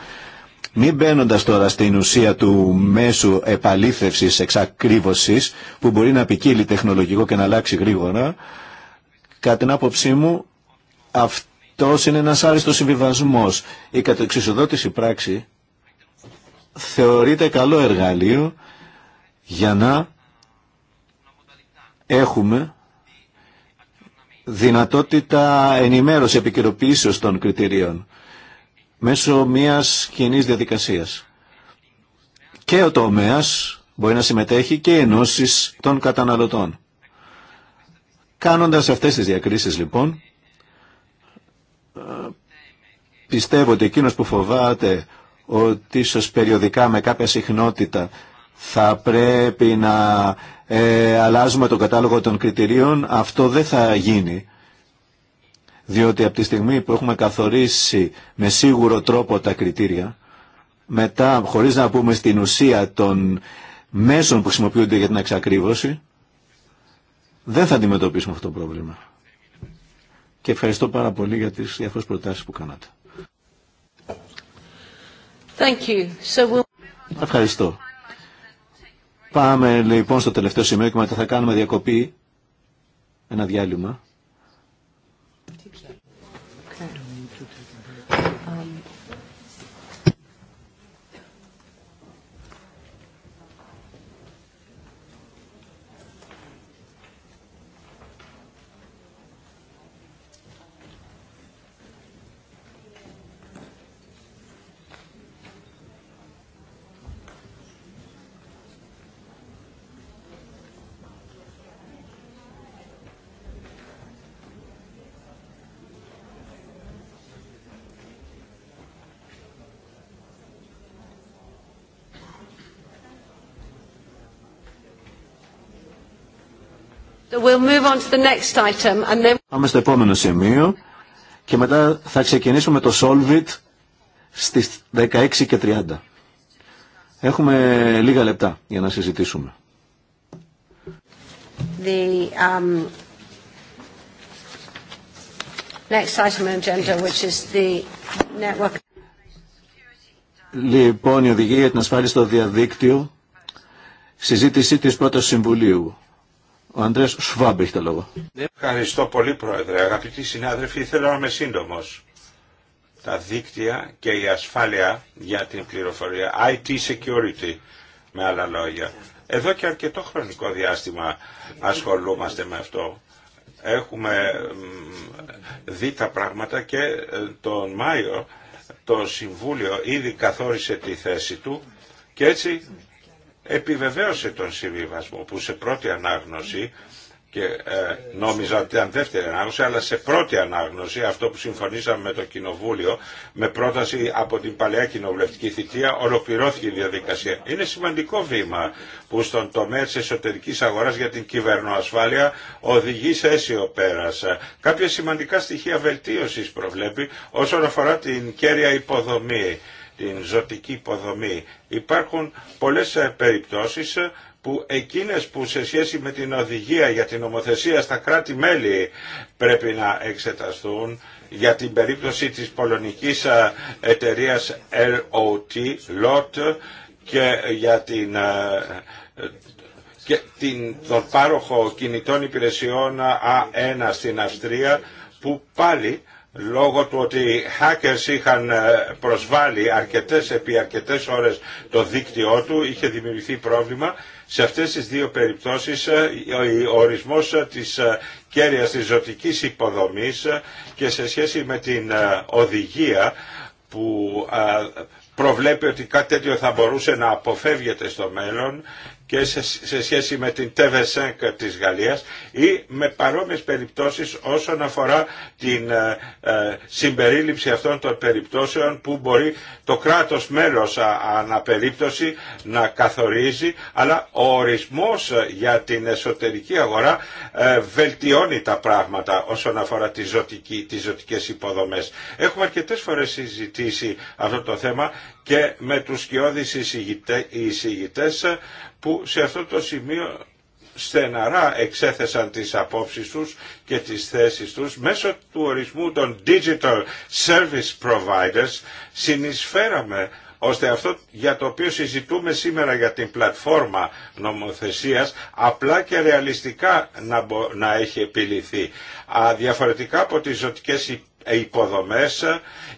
Μην μπαίνοντα τώρα στην ουσία του μέσου επαλήθευση, εξακρίβωση, που μπορεί να ποικίλει τεχνολογικό και να αλλάξει γρήγορα, κατά την άποψή μου, αυτό είναι ένα άριστο συμβιβασμό. Η κατεξισοδότηση πράξη θεωρείται καλό εργαλείο για να έχουμε δυνατότητα ενημέρωση επικαιροποίησεως των κριτηρίων μέσω μιας κοινή διαδικασίας. Και ο τομέας μπορεί να συμμετέχει και οι ενώσεις των καταναλωτών. Κάνοντας αυτές τις διακρίσεις λοιπόν, ε, πιστεύω ότι εκείνος που φοβάται ότι ίσω περιοδικά με κάποια συχνότητα θα πρέπει να ε, αλλάζουμε τον κατάλογο των κριτηρίων, αυτό δεν θα γίνει. Διότι από τη στιγμή που έχουμε καθορίσει με σίγουρο τρόπο τα κριτήρια, μετά χωρίς να πούμε στην ουσία των μέσων που χρησιμοποιούνται για την εξακρίβωση, δεν θα αντιμετωπίσουμε αυτό το πρόβλημα. Και ευχαριστώ πάρα πολύ για τις διάφορες προτάσεις που κάνατε. Ευχαριστώ. Πάμε λοιπόν στο τελευταίο σημείο και μετά θα κάνουμε διακοπή, ένα διάλειμμα. Πάμε στο επόμενο σημείο και μετά θα ξεκινήσουμε το Solvit στις 16 και 30. Έχουμε λίγα λεπτά για να συζητήσουμε. The, um, next item agenda, which is the network. Λοιπόν, η οδηγία για την ασφάλεια στο διαδίκτυο, συζήτηση της πρώτης συμβουλίου. Ο Ανδρέας Σβάμπ έχει το λόγο. Ευχαριστώ πολύ Πρόεδρε. Αγαπητοί συνάδελφοι, θέλω να είμαι σύντομο. Τα δίκτυα και η ασφάλεια για την πληροφορία, IT security με άλλα λόγια. Εδώ και αρκετό χρονικό διάστημα ασχολούμαστε με αυτό. Έχουμε δει τα πράγματα και ε, τον Μάιο το Συμβούλιο ήδη καθόρισε τη θέση του και έτσι επιβεβαίωσε τον συμβιβασμό που σε πρώτη ανάγνωση και ε, νόμιζα ότι ήταν δεύτερη ανάγνωση, αλλά σε πρώτη ανάγνωση αυτό που συμφωνήσαμε με το Κοινοβούλιο, με πρόταση από την παλαιά κοινοβουλευτική θητεία, ολοκληρώθηκε η διαδικασία. Είναι σημαντικό βήμα που στον τομέα τη εσωτερική αγορά για την κυβερνοασφάλεια οδηγεί σε αίσιο πέρα. Κάποια σημαντικά στοιχεία βελτίωση προβλέπει όσον αφορά την κέρια υποδομή την ζωτική υποδομή. Υπάρχουν πολλές ε, περιπτώσεις ε, που εκείνες που σε σχέση με την οδηγία για την ομοθεσία στα κράτη-μέλη πρέπει να εξεταστούν για την περίπτωση της πολωνικής ε, εταιρείας LOT, και για την και την, τον πάροχο κινητών υπηρεσιών Α1 στην Αυστρία που πάλι λόγω του ότι hackers είχαν ε, προσβάλει αρκετές, επί αρκετές ώρες το δίκτυό του, είχε δημιουργηθεί πρόβλημα. Σε αυτές τις δύο περιπτώσεις ε, ο ορισμός ε, της κέρια της ζωτικής υποδομής και σε σχέση με την οδηγία που προβλέπει ότι κάτι τέτοιο θα μπορούσε να αποφεύγεται στο μέλλον και σε, σχέση με την TV5 της Γαλλίας ή με παρόμοιες περιπτώσεις όσον αφορά την ε, ε, συμπερίληψη αυτών των περιπτώσεων που μπορεί το κράτος μέλος αναπερίπτωση να καθορίζει αλλά ο ορισμός για την εσωτερική αγορά ε, βελτιώνει τα πράγματα όσον αφορά τις ζωτική, τις ζωτικές υποδομές. Έχουμε αρκετές φορές συζητήσει αυτό το θέμα και με τους σκιώδεις εισηγητές που σε αυτό το σημείο στεναρά εξέθεσαν τις απόψεις τους και τις θέσεις τους μέσω του ορισμού των Digital Service Providers συνεισφέραμε ώστε αυτό για το οποίο συζητούμε σήμερα για την πλατφόρμα νομοθεσίας απλά και ρεαλιστικά να, να έχει επιληθεί. Α, διαφορετικά από τις ζωτικές υποδομές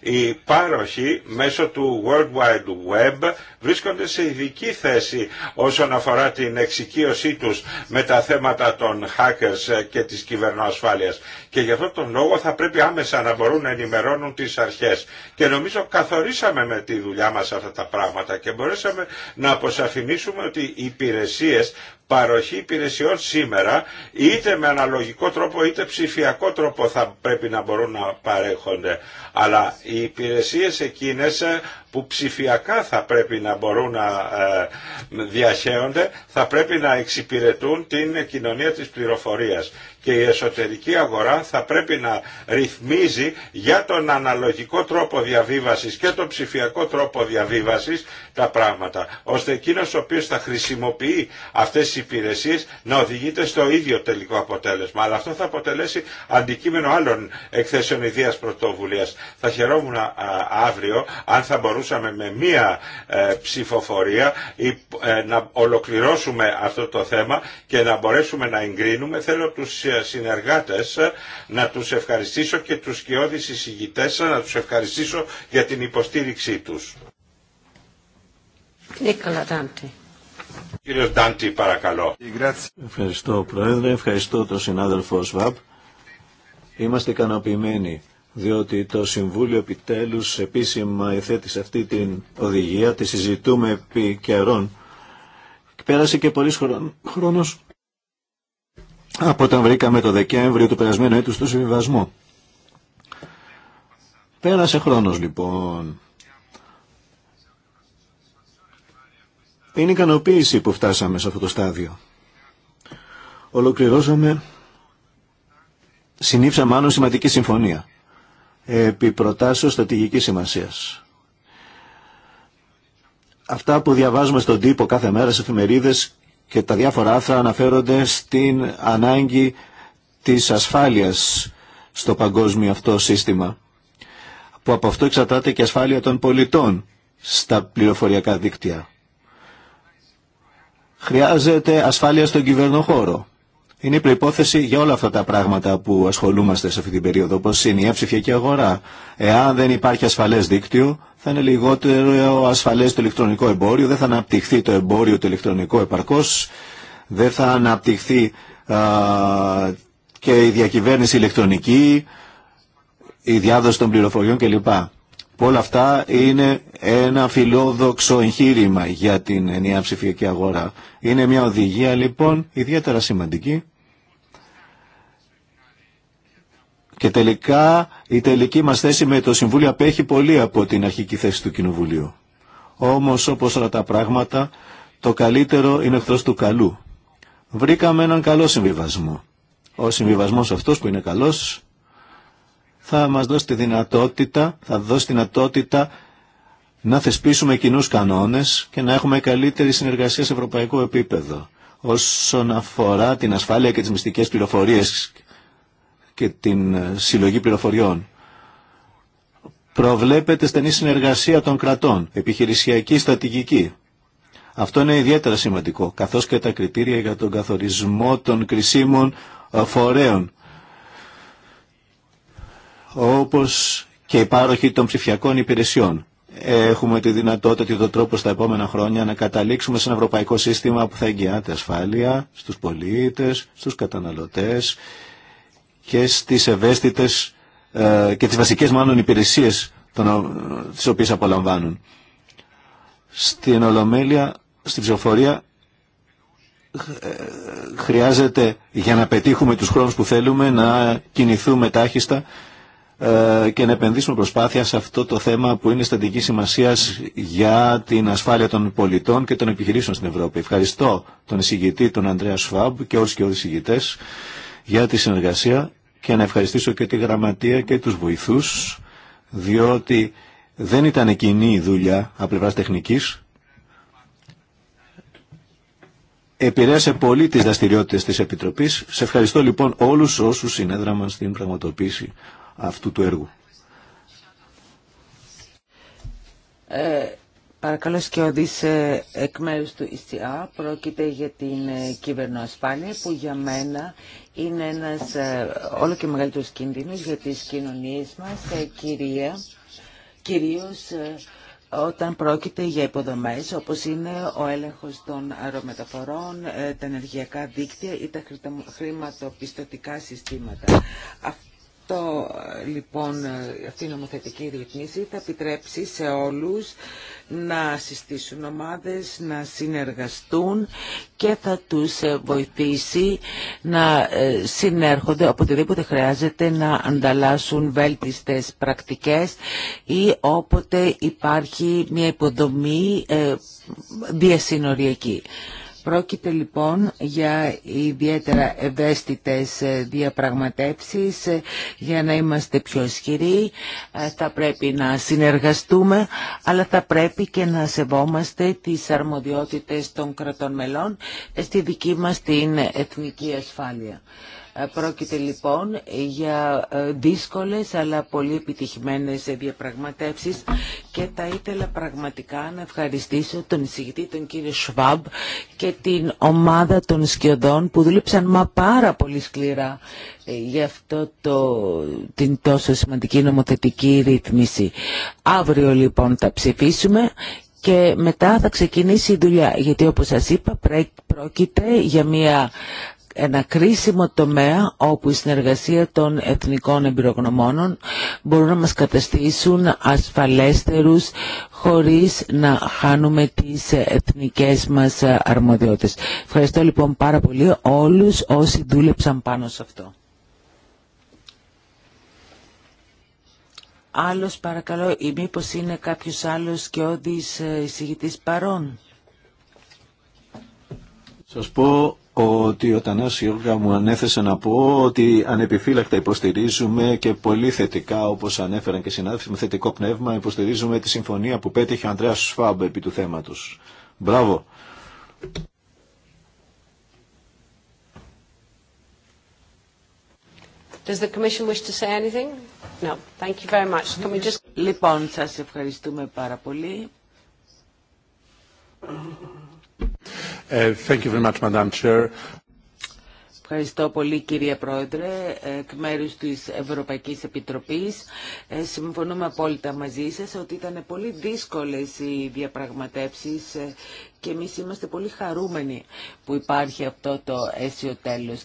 οι πάροχοι μέσω του World Wide Web βρίσκονται σε ειδική θέση όσον αφορά την εξοικείωσή τους με τα θέματα των hackers και της κυβερνοασφάλειας. Και γι' αυτόν τον λόγο θα πρέπει άμεσα να μπορούν να ενημερώνουν τις αρχές. Και νομίζω καθορίσαμε με τη δουλειά μας αυτά τα πράγματα και μπορέσαμε να αποσαφηνίσουμε ότι οι υπηρεσίες παροχή υπηρεσιών σήμερα είτε με αναλογικό τρόπο είτε ψηφιακό τρόπο θα πρέπει να μπορούν να παρέχονται. Αλλά οι υπηρεσίες εκείνες ε, που ψηφιακά θα πρέπει να μπορούν να ε, διαχέονται, θα πρέπει να εξυπηρετούν την κοινωνία της πληροφορίας. Και η εσωτερική αγορά θα πρέπει να ρυθμίζει για τον αναλογικό τρόπο διαβίβασης και τον ψηφιακό τρόπο διαβίβασης τα πράγματα, ώστε εκείνος ο οποίος θα χρησιμοποιεί αυτές τις υπηρεσίες να οδηγείται στο ίδιο τελικό αποτέλεσμα. Αλλά αυτό θα αποτελέσει αντικείμενο άλλων εκθέσεων ιδείας πρωτοβουλίας. Θα χαιρόμουν αύριο αν θα μπορούσαμε με μία ε, ψηφοφορία ε, να ολοκληρώσουμε αυτό το θέμα και να μπορέσουμε να εγκρίνουμε. Θέλω τους ε, συνεργάτες να τους ευχαριστήσω και τους σκιώδεις εισηγητές να τους ευχαριστήσω για την υποστήριξή τους. Νίκολα Ντάντη. παρακαλώ. Ευχαριστώ Πρόεδρε, ευχαριστώ τον συνάδελφο ΣΒΑΠ. Είμαστε ικανοποιημένοι διότι το Συμβούλιο επιτέλους επίσημα σε αυτή την οδηγία, τη συζητούμε επί καιρών. Πέρασε και πολλής χρόνος από όταν βρήκαμε το Δεκέμβριο του περασμένου έτους το συμβιβασμό. Πέρασε χρόνος λοιπόν. Είναι ικανοποίηση που φτάσαμε σε αυτό το στάδιο. Ολοκληρώσαμε, συνήψα μάλλον σημαντική συμφωνία επί προτάσεως στρατηγικής σημασίας. Αυτά που διαβάζουμε στον τύπο κάθε μέρα σε εφημερίδες και τα διάφορα άθρα αναφέρονται στην ανάγκη της ασφάλειας στο παγκόσμιο αυτό σύστημα που από αυτό εξαρτάται και ασφάλεια των πολιτών στα πληροφοριακά δίκτυα. Χρειάζεται ασφάλεια στον κυβερνοχώρο είναι η προπόθεση για όλα αυτά τα πράγματα που ασχολούμαστε σε αυτή την περίοδο, όπω είναι η ψηφιακή αγορά. Εάν δεν υπάρχει ασφαλές δίκτυο, θα είναι λιγότερο ασφαλές το ηλεκτρονικό εμπόριο, δεν θα αναπτυχθεί το εμπόριο το ηλεκτρονικό επαρκώς, δεν θα αναπτυχθεί α, και η διακυβέρνηση ηλεκτρονική, η διάδοση των πληροφοριών κλπ. Όλα αυτά είναι ένα φιλόδοξο εγχείρημα για την ενιαία ψηφιακή αγορά. Είναι μια οδηγία λοιπόν ιδιαίτερα σημαντική. Και τελικά η τελική μας θέση με το Συμβούλιο απέχει πολύ από την αρχική θέση του Κοινοβουλίου. Όμως όπως όλα τα πράγματα το καλύτερο είναι εχθρός του καλού. Βρήκαμε έναν καλό συμβιβασμό. Ο συμβιβασμός αυτός που είναι καλός θα μας δώσει τη δυνατότητα, θα δώσει τη δυνατότητα να θεσπίσουμε κοινού κανόνες και να έχουμε καλύτερη συνεργασία σε ευρωπαϊκό επίπεδο όσον αφορά την ασφάλεια και τις μυστικές πληροφορίες και την ε, συλλογή πληροφοριών. Προβλέπεται στενή συνεργασία των κρατών, επιχειρησιακή στρατηγική. Αυτό είναι ιδιαίτερα σημαντικό, καθώς και τα κριτήρια για τον καθορισμό των κρισίμων ε, φορέων όπως και η πάροχοι των ψηφιακών υπηρεσιών. Έχουμε τη δυνατότητα και τον τρόπο στα επόμενα χρόνια να καταλήξουμε σε ένα ευρωπαϊκό σύστημα που θα εγγυάται ασφάλεια στους πολίτες, στους καταναλωτές και στις ευαίσθητες ε, και τις βασικές μάλλον υπηρεσίες ε, τις οποίες απολαμβάνουν. Στην Ολομέλεια, στην ψηφοφορία ε, χρειάζεται για να πετύχουμε τους χρόνους που θέλουμε να κινηθούμε τάχιστα ε, και να επενδύσουμε προσπάθεια σε αυτό το θέμα που είναι στατική σημασία για την ασφάλεια των πολιτών και των επιχειρήσεων στην Ευρώπη. Ευχαριστώ τον εισηγητή, τον Ανδρέα Σφαμπ και όλου και όλου εισηγητές για τη συνεργασία και να ευχαριστήσω και τη γραμματεία και τους βοηθούς διότι δεν ήταν κοινή η δουλειά από πλευράς τεχνικής. Επηρέασε πολύ τις δραστηριότητες της Επιτροπής. Σε ευχαριστώ λοιπόν όλους όσους συνέδραμαν στην πραγματοποίηση αυτού του έργου. Ε, παρακαλώ Σκιώδης, ε, εκ μέρους του ΙΣΤΙΑ πρόκειται για την ε, κυβερνοασφάλεια που για μένα είναι ένας ε, όλο και μεγαλύτερος κίνδυνος για τις κοινωνίες μας, κυρία, κυρίως όταν πρόκειται για υποδομές όπως είναι ο έλεγχος των αερομεταφορών, τα ενεργειακά δίκτυα ή τα χρηματοπιστωτικά συστήματα. Αυτό λοιπόν, αυτή η νομοθετική ρυθμίση θα επιτρέψει σε όλους να συστήσουν ομάδες, να συνεργαστούν και θα τους βοηθήσει να ε, συνέρχονται οποτεδήποτε χρειάζεται να ανταλλάσσουν βέλτιστες πρακτικές ή όποτε υπάρχει μια υποδομή ε, διασυνοριακή. Πρόκειται λοιπόν για ιδιαίτερα ευαίσθητες ε, διαπραγματεύσεις ε, για να είμαστε πιο ισχυροί. Ε, θα πρέπει να συνεργαστούμε, αλλά θα πρέπει και να σεβόμαστε τις αρμοδιότητες των κρατών μελών στη δική μας την εθνική ασφάλεια. Ε, πρόκειται λοιπόν για ε, δύσκολες αλλά πολύ επιτυχημένες διαπραγματεύσεις και θα ήθελα πραγματικά να ευχαριστήσω τον εισηγητή, τον κύριο Σβάμπ και την ομάδα των σκιωδών που δούλεψαν μα πάρα πολύ σκληρά ε, για αυτό το, την τόσο σημαντική νομοθετική ρύθμιση. Αύριο λοιπόν θα ψηφίσουμε και μετά θα ξεκινήσει η δουλειά. Γιατί όπως σας είπα πρόκειται για μια ένα κρίσιμο τομέα όπου η συνεργασία των εθνικών εμπειρογνωμόνων μπορούν να μας καταστήσουν ασφαλέστερους χωρίς να χάνουμε τις εθνικές μας αρμοδιότητες. Ευχαριστώ λοιπόν πάρα πολύ όλους όσοι δούλεψαν πάνω σε αυτό. Άλλος παρακαλώ ή μήπως είναι κάποιος άλλος και όδης ε, εισηγητής παρών. Σας πω ότι ο Τανάς Γιώργα μου ανέθεσε να πω ότι ανεπιφύλακτα υποστηρίζουμε και πολύ θετικά όπως ανέφεραν και συνάδελφοι με θετικό πνεύμα υποστηρίζουμε τη συμφωνία που πέτυχε ο Ανδρέας Σφάμπ επί του θέματος. Μπράβο. Does the Commission wish to say anything? No. Thank you very much. Can we just... Λοιπόν, σας ευχαριστούμε πάρα πολύ. Ε, Ευχαριστώ πολύ κύριε Πρόεδρε, εκ μέρους της Ευρωπαϊκής Επιτροπής. Ε, συμφωνούμε απόλυτα μαζί σας ότι ήταν πολύ δύσκολες οι διαπραγματεύσεις ε, και εμείς είμαστε πολύ χαρούμενοι που υπάρχει αυτό το αίσιο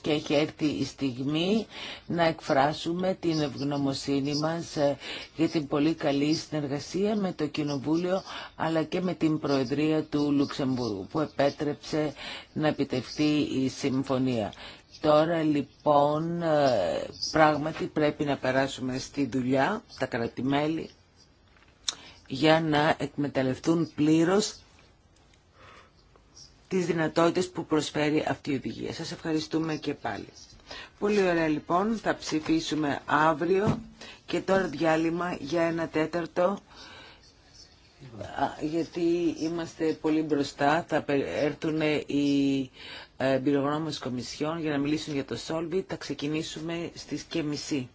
και έχει έρθει η στιγμή να εκφράσουμε την ευγνωμοσύνη μας ε, για την πολύ καλή συνεργασία με το Κοινοβούλιο αλλά και με την Προεδρία του Λουξεμβούργου που επέτρεψε να επιτευχθεί η συμφωνία. Τώρα λοιπόν ε, πράγματι πρέπει να περάσουμε στη δουλειά, τα κρατημέλη, για να εκμεταλλευτούν πλήρως τις δυνατότητες που προσφέρει αυτή η οδηγία. Σας ευχαριστούμε και πάλι. Πολύ ωραία λοιπόν, θα ψηφίσουμε αύριο και τώρα διάλειμμα για ένα τέταρτο γιατί είμαστε πολύ μπροστά, θα έρθουν οι ε, εμπειρογνώμες κομισιών για να μιλήσουν για το Solvit, θα ξεκινήσουμε στις και μισή.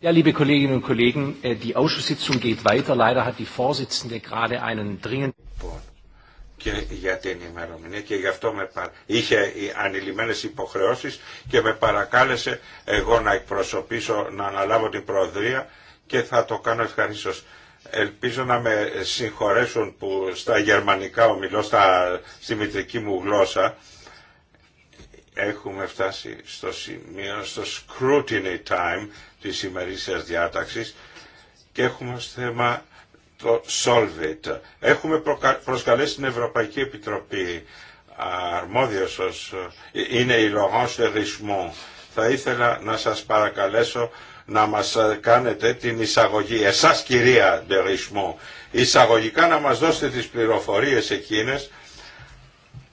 Ja, liebe Kolleginnen und Kollegen, äh, die Ausschusssitzung geht weiter. Leider hat die Vorsitzende gerade einen dringenden λοιπόν, και για την ημερομηνία και γι' αυτό με πα... είχε ανηλυμένες υποχρεώσεις και με παρακάλεσε εγώ να εκπροσωπήσω, να αναλάβω την Προεδρία και θα το κάνω ευχαρίστω. Ελπίζω να με συγχωρέσουν που στα γερμανικά ομιλώ, στα, στη μητρική μου γλώσσα έχουμε φτάσει στο σημείο, στο scrutiny time της ημερήσιας διάταξης και έχουμε ως θέμα το solve it. Έχουμε προσκαλέσει την Ευρωπαϊκή Επιτροπή αρμόδιος ως, είναι η Laurence Richemont. Θα ήθελα να σας παρακαλέσω να μας κάνετε την εισαγωγή, εσάς κυρία Richemont, εισαγωγικά να μας δώσετε τις πληροφορίες εκείνες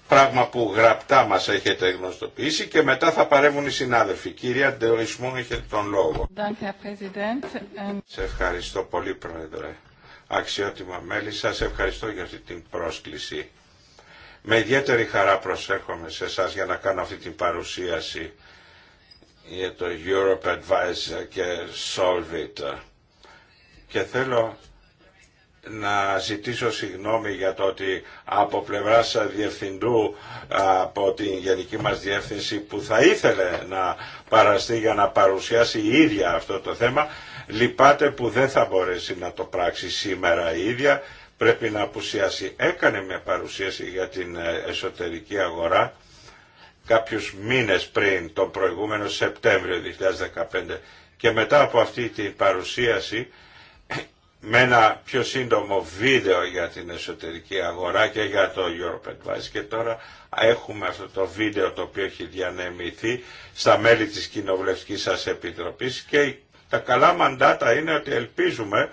Πράγμα που γραπτά μας έχετε γνωστοποιήσει και μετά θα παρέμβουν οι συνάδελφοι. Κυρία Αντεορισμού έχετε τον λόγο. Σε ευχαριστώ πολύ, Πρόεδρε. Αξιότιμα μέλη, σας ευχαριστώ για αυτή την πρόσκληση. Με ιδιαίτερη χαρά προσέχομαι σε εσά για να κάνω αυτή την παρουσίαση για το Europe Advisor και It. Και θέλω να ζητήσω συγγνώμη για το ότι από πλευράς διευθυντού από την Γενική μας Διεύθυνση που θα ήθελε να παραστεί για να παρουσιάσει η ίδια αυτό το θέμα λυπάται που δεν θα μπορέσει να το πράξει σήμερα η ίδια πρέπει να απουσιάσει. Έκανε μια παρουσίαση για την ε, εσωτερική αγορά κάποιους μήνες πριν τον προηγούμενο Σεπτέμβριο 2015 και μετά από αυτή την παρουσίαση με ένα πιο σύντομο βίντεο για την εσωτερική αγορά και για το Europe Advice και τώρα έχουμε αυτό το βίντεο το οποίο έχει διανεμηθεί στα μέλη της Κοινοβουλευτικής σας Επιτροπής και τα καλά μαντάτα είναι ότι ελπίζουμε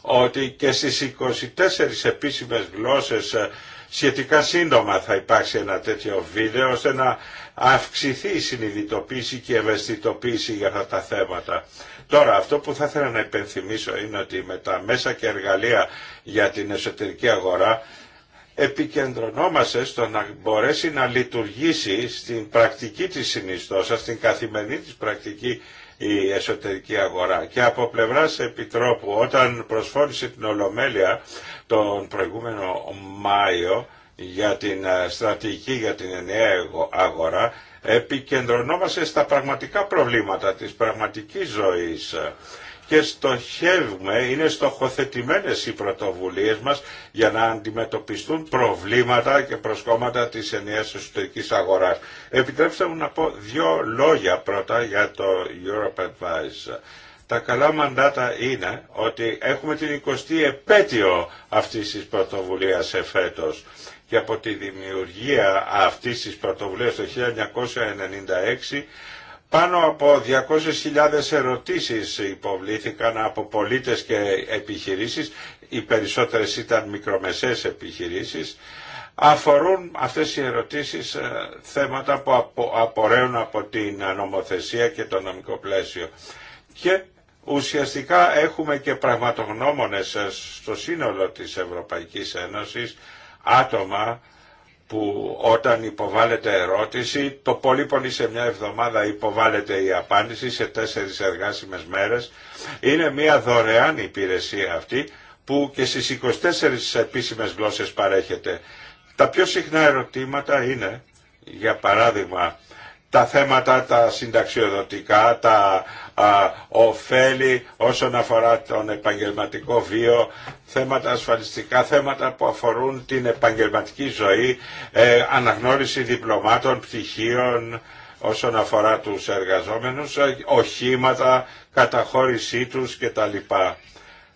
ότι και στις 24 επίσημες γλώσσες ε, σχετικά σύντομα θα υπάρξει ένα τέτοιο βίντεο ώστε να αυξηθεί η συνειδητοποίηση και η ευαισθητοποίηση για αυτά τα θέματα. Τώρα αυτό που θα ήθελα να υπενθυμίσω είναι ότι με τα μέσα και εργαλεία για την εσωτερική αγορά επικεντρωνόμαστε στο να μπορέσει να λειτουργήσει στην πρακτική της συνιστώσας, στην καθημερινή της πρακτική η εσωτερική αγορά. Και από πλευράς Επιτρόπου όταν προσφόρησε την Ολομέλεια τον προηγούμενο Μάιο για την ε, στρατηγική για την ενιαία αγορά επικεντρωνόμαστε στα πραγματικά προβλήματα της πραγματικής ζωής και στοχεύουμε, είναι στοχοθετημένες οι πρωτοβουλίες μας για να αντιμετωπιστούν προβλήματα και προσκόμματα της ενιαίας εσωτερικής αγοράς. Επιτρέψτε μου να πω δύο λόγια πρώτα για το Europe Advice. Τα καλά μαντάτα είναι ότι έχουμε την 20η επέτειο αυτής της πρωτοβουλίας εφέτος και από τη δημιουργία αυτής της πρωτοβουλίας το 1996 πάνω από 200.000 ερωτήσεις υποβλήθηκαν από πολίτες και επιχειρήσεις, οι περισσότερες ήταν μικρομεσαίες επιχειρήσεις, αφορούν αυτές οι ερωτήσεις ε, θέματα που απορρέουν από την νομοθεσία και το νομικό πλαίσιο. Και ουσιαστικά έχουμε και πραγματογνώμονες ε, στο σύνολο της Ευρωπαϊκής Ένωσης άτομα που όταν υποβάλλεται ερώτηση, το πολύ πολύ σε μια εβδομάδα υποβάλλεται η απάντηση σε τέσσερις εργάσιμες μέρες. Είναι μια δωρεάν υπηρεσία αυτή που και στις 24 επίσημες γλώσσες παρέχεται. Τα πιο συχνά ερωτήματα είναι, για παράδειγμα, τα θέματα τα συνταξιοδοτικά, τα ωφέλη όσον αφορά τον επαγγελματικό βίο, θέματα ασφαλιστικά, θέματα που αφορούν την επαγγελματική ζωή, ε, αναγνώριση διπλωμάτων, πτυχίων όσον αφορά τους εργαζόμενους, ε, οχήματα, καταχώρησή τους κτλ.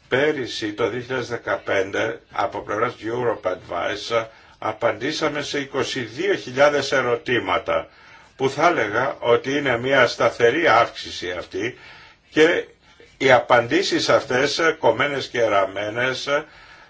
Πέρυσι το 2015 από πλευράς Europe Advice απαντήσαμε σε 22.000 ερωτήματα που θα έλεγα ότι είναι μια σταθερή αύξηση αυτή και οι απαντήσεις αυτές κομμένες και ραμμένες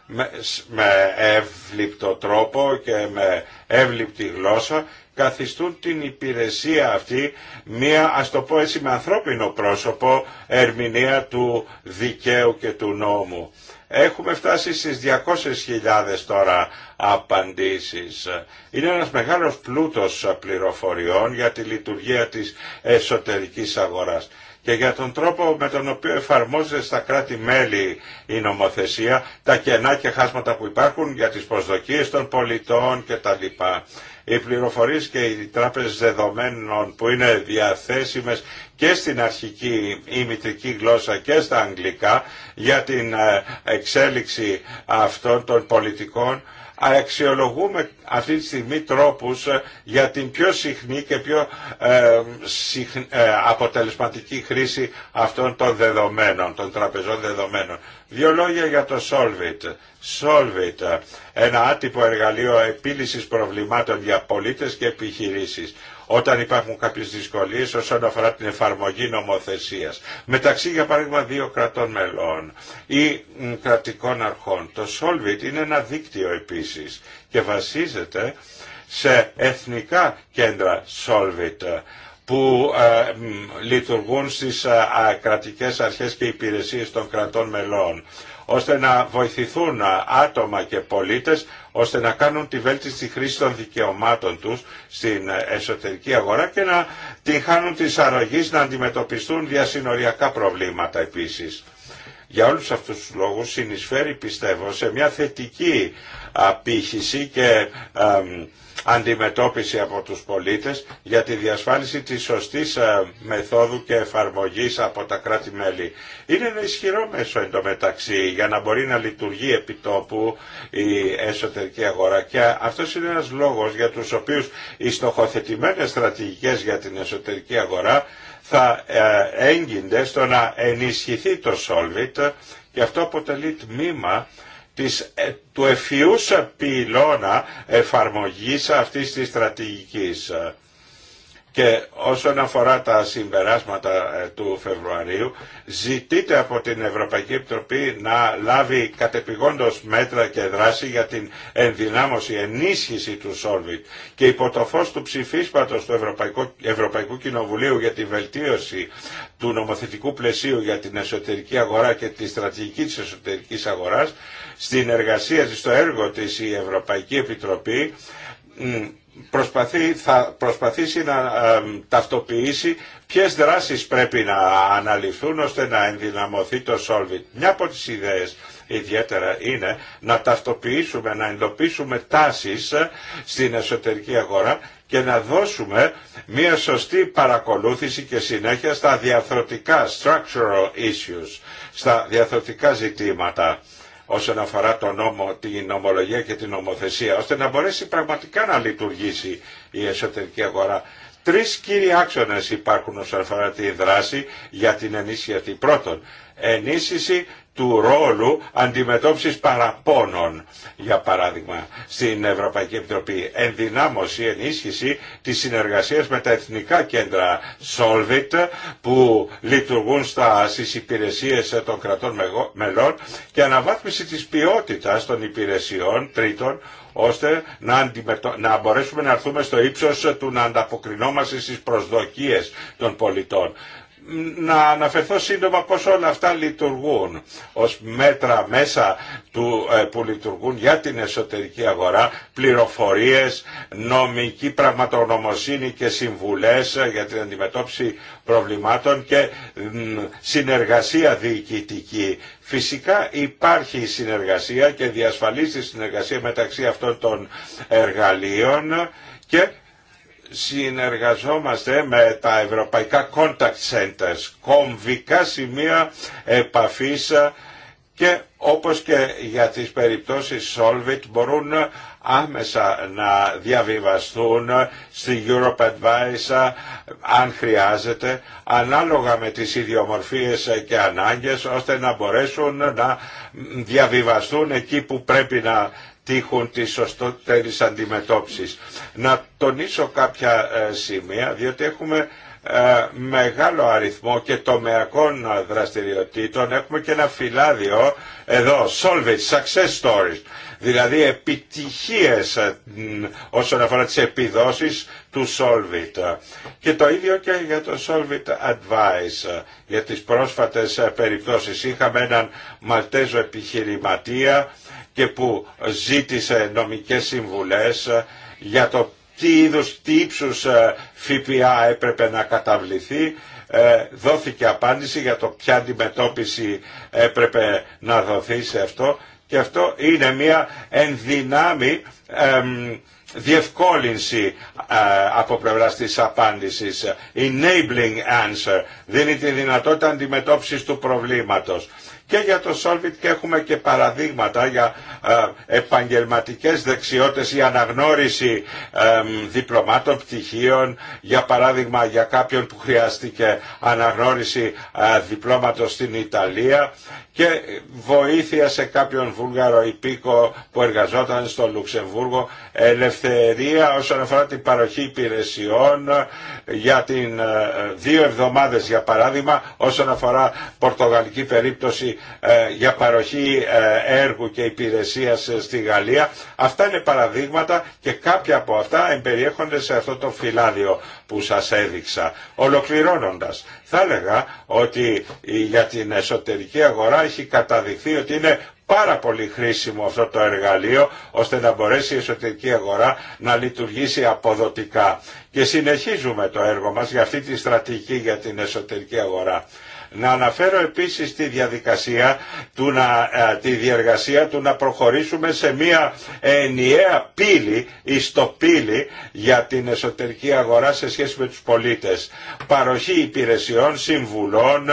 με, με εύληπτο τρόπο και με εύληπτη γλώσσα καθιστούν την υπηρεσία αυτή μία, ας το πω έτσι με ανθρώπινο πρόσωπο, ερμηνεία του δικαίου και του νόμου. Έχουμε φτάσει στις 200.000 τώρα απαντήσεις. Είναι ένας μεγάλος πλούτος πληροφοριών για τη λειτουργία της εσωτερικής αγοράς και για τον τρόπο με τον οποίο εφαρμόζεται στα κράτη-μέλη η νομοθεσία, τα κενά και χάσματα που υπάρχουν για τις προσδοκίες των πολιτών κτλ. Οι πληροφορίες και οι τράπεζες δεδομένων που είναι διαθέσιμες και στην αρχική ή μητρική γλώσσα και στα αγγλικά για την ε, εξέλιξη αυτών των πολιτικών αξιολογούμε αυτή τη στιγμή τρόπους ε, για την πιο συχνή και πιο ε, ε, αποτελεσματική χρήση αυτών των δεδομένων, των τραπεζών δεδομένων. Δύο λόγια για το Solvit. Solvit, ένα άτυπο εργαλείο επίλυσης προβλημάτων για πολίτες και επιχειρήσεις όταν υπάρχουν κάποιες δυσκολίες όσον αφορά την εφαρμογή νομοθεσίας μεταξύ για παράδειγμα δύο κρατών μελών ή κρατικών αρχών. Το Solvit είναι ένα δίκτυο επίσης και βασίζεται σε εθνικά κέντρα Solvit που ε, λειτουργούν στις ε, κρατικές αρχές και υπηρεσίες των κρατών μελών ώστε να βοηθηθούν άτομα και πολίτες ώστε να κάνουν τη βέλτιστη χρήση των δικαιωμάτων τους στην εσωτερική αγορά και να την χάνουν της αρρωγής να αντιμετωπιστούν διασυνοριακά προβλήματα επίσης. Για όλους αυτούς τους λόγους συνεισφέρει πιστεύω σε μια θετική απήχηση και αντιμετώπιση από τους πολίτες για τη διασφάλιση της σωστής ε, μεθόδου και εφαρμογής από τα κράτη-μέλη. Είναι ένα ισχυρό μέσο εν μεταξύ για να μπορεί να λειτουργεί τόπου η εσωτερική αγορά και αυτός είναι ένας λόγος για τους οποίους οι στοχοθετημένες στρατηγικές για την εσωτερική αγορά θα ε, έγκυνται στο να ενισχυθεί το Solvit και αυτό αποτελεί τμήμα της, ε, του ευφυούς πυλώνα εφαρμογής αυτής της στρατηγικής. Και όσον αφορά τα συμπεράσματα ε, του Φεβρουαρίου, ζητείται από την Ευρωπαϊκή Επιτροπή να λάβει κατεπηγόντως μέτρα και δράση για την ενδυνάμωση, ενίσχυση του σόλβιτ και υπό το φως του ψηφίσματος του Ευρωπαϊκού, Ευρωπαϊκού Κοινοβουλίου για τη βελτίωση του νομοθετικού πλαισίου για την εσωτερική αγορά και τη στρατηγική της εσωτερικής στην εργασία στο έργο της η Ευρωπαϊκή Επιτροπή προσπαθεί, θα προσπαθήσει να ε, ταυτοποιήσει ποιες δράσεις πρέπει να αναλυθούν ώστε να ενδυναμωθεί το Solvit. Μια από τις ιδέες ιδιαίτερα είναι να ταυτοποιήσουμε, να εντοπίσουμε τάσεις ε, στην εσωτερική αγορά και να δώσουμε μια σωστή παρακολούθηση και συνέχεια στα διαθροτικά structural issues, στα διαθροτικά ζητήματα όσον αφορά τον νόμο, την νομολογία και την νομοθεσία, ώστε να μπορέσει πραγματικά να λειτουργήσει η εσωτερική αγορά. Τρεις κύριοι άξονες υπάρχουν όσον αφορά τη δράση για την ενίσχυση. Πρώτον, ενίσχυση του ρόλου αντιμετώπισης παραπώνων, για παράδειγμα, στην Ευρωπαϊκή Επιτροπή. Ενδυνάμωση, ενίσχυση της συνεργασίας με τα εθνικά κέντρα Solvit που λειτουργούν στα, στις υπηρεσίες των κρατών μελών και αναβάθμιση της ποιότητας των υπηρεσιών τρίτων ώστε να, αντιμετω... να μπορέσουμε να έρθουμε στο ύψος του να ανταποκρινόμαστε στις προσδοκίες των πολιτών να αναφερθώ σύντομα πώς όλα αυτά λειτουργούν ως μέτρα μέσα του, ε, που λειτουργούν για την εσωτερική αγορά, πληροφορίες, νομική πραγματογνωμοσύνη και συμβουλές ε, για την αντιμετώπιση προβλημάτων και συνεργασία διοικητική. Φυσικά υπάρχει συνεργασία και διασφαλίζει συνεργασία μεταξύ αυτών των εργαλείων και συνεργαζόμαστε με τα ευρωπαϊκά contact centers, κομβικά σημεία επαφής ε, και όπως και για τις περιπτώσεις Solvit μπορούν άμεσα να διαβιβαστούν στη Europe Advice ε, αν χρειάζεται ανάλογα με τις ιδιομορφίες και ανάγκες ώστε να μπορέσουν να διαβιβαστούν εκεί που πρέπει να τύχουν τις σωστότερες αντιμετώπισης. Να τονίσω κάποια ε, σημεία, διότι έχουμε ε, μεγάλο αριθμό και τομεακών δραστηριοτήτων. Έχουμε και ένα φυλάδιο εδώ, it, Success Stories, δηλαδή επιτυχίες ε, όσον αφορά τις επιδόσεις του Solvit. Και το ίδιο και για το Solvit Advice, για τις πρόσφατες περιπτώσεις. Είχαμε έναν Μαλτέζο επιχειρηματία και που ζήτησε νομικές συμβουλές ε, για το τι είδους, τι ύψους ε, ΦΠΑ έπρεπε να καταβληθεί ε, δόθηκε απάντηση για το ποια αντιμετώπιση έπρεπε να δοθεί σε αυτό και αυτό είναι μια ενδυνάμει διευκόλυνση από πλευράς της απάντησης. Enabling answer δίνει τη δυνατότητα αντιμετώπισης του προβλήματος. Και για το Solvit και έχουμε και παραδείγματα για ε, επαγγελματικές δεξιότητες ή αναγνώριση διπλωμάτων πτυχίων, για παράδειγμα για κάποιον που χρειάστηκε αναγνώριση ε, διπλώματος στην Ιταλία και βοήθεια σε κάποιον Βούλγαρο υπήκο που εργαζόταν στο Λουξεμβούργο ελευθερία όσον αφορά την παροχή υπηρεσιών για την ε, δύο εβδομάδες για παράδειγμα όσον αφορά πορτογαλική περίπτωση ε, για παροχή ε, έργου και υπηρεσίας στη Γαλλία. Αυτά είναι παραδείγματα και κάποια από αυτά εμπεριέχονται σε αυτό το φυλάδιο που σας έδειξα. Ολοκληρώνοντας, θα έλεγα ότι για την εσωτερική αγορά έχει καταδειχθεί ότι είναι πάρα πολύ χρήσιμο αυτό το εργαλείο ώστε να μπορέσει η εσωτερική αγορά να λειτουργήσει αποδοτικά. Και συνεχίζουμε το έργο μας για αυτή τη στρατηγική για την εσωτερική αγορά. Να αναφέρω επίσης τη διαδικασία, του να, ε, τη διεργασία του να προχωρήσουμε σε μια ενιαία πύλη, ιστοπύλη για την εσωτερική αγορά σε σχέση με τους πολίτες. Παροχή υπηρεσιών, συμβουλών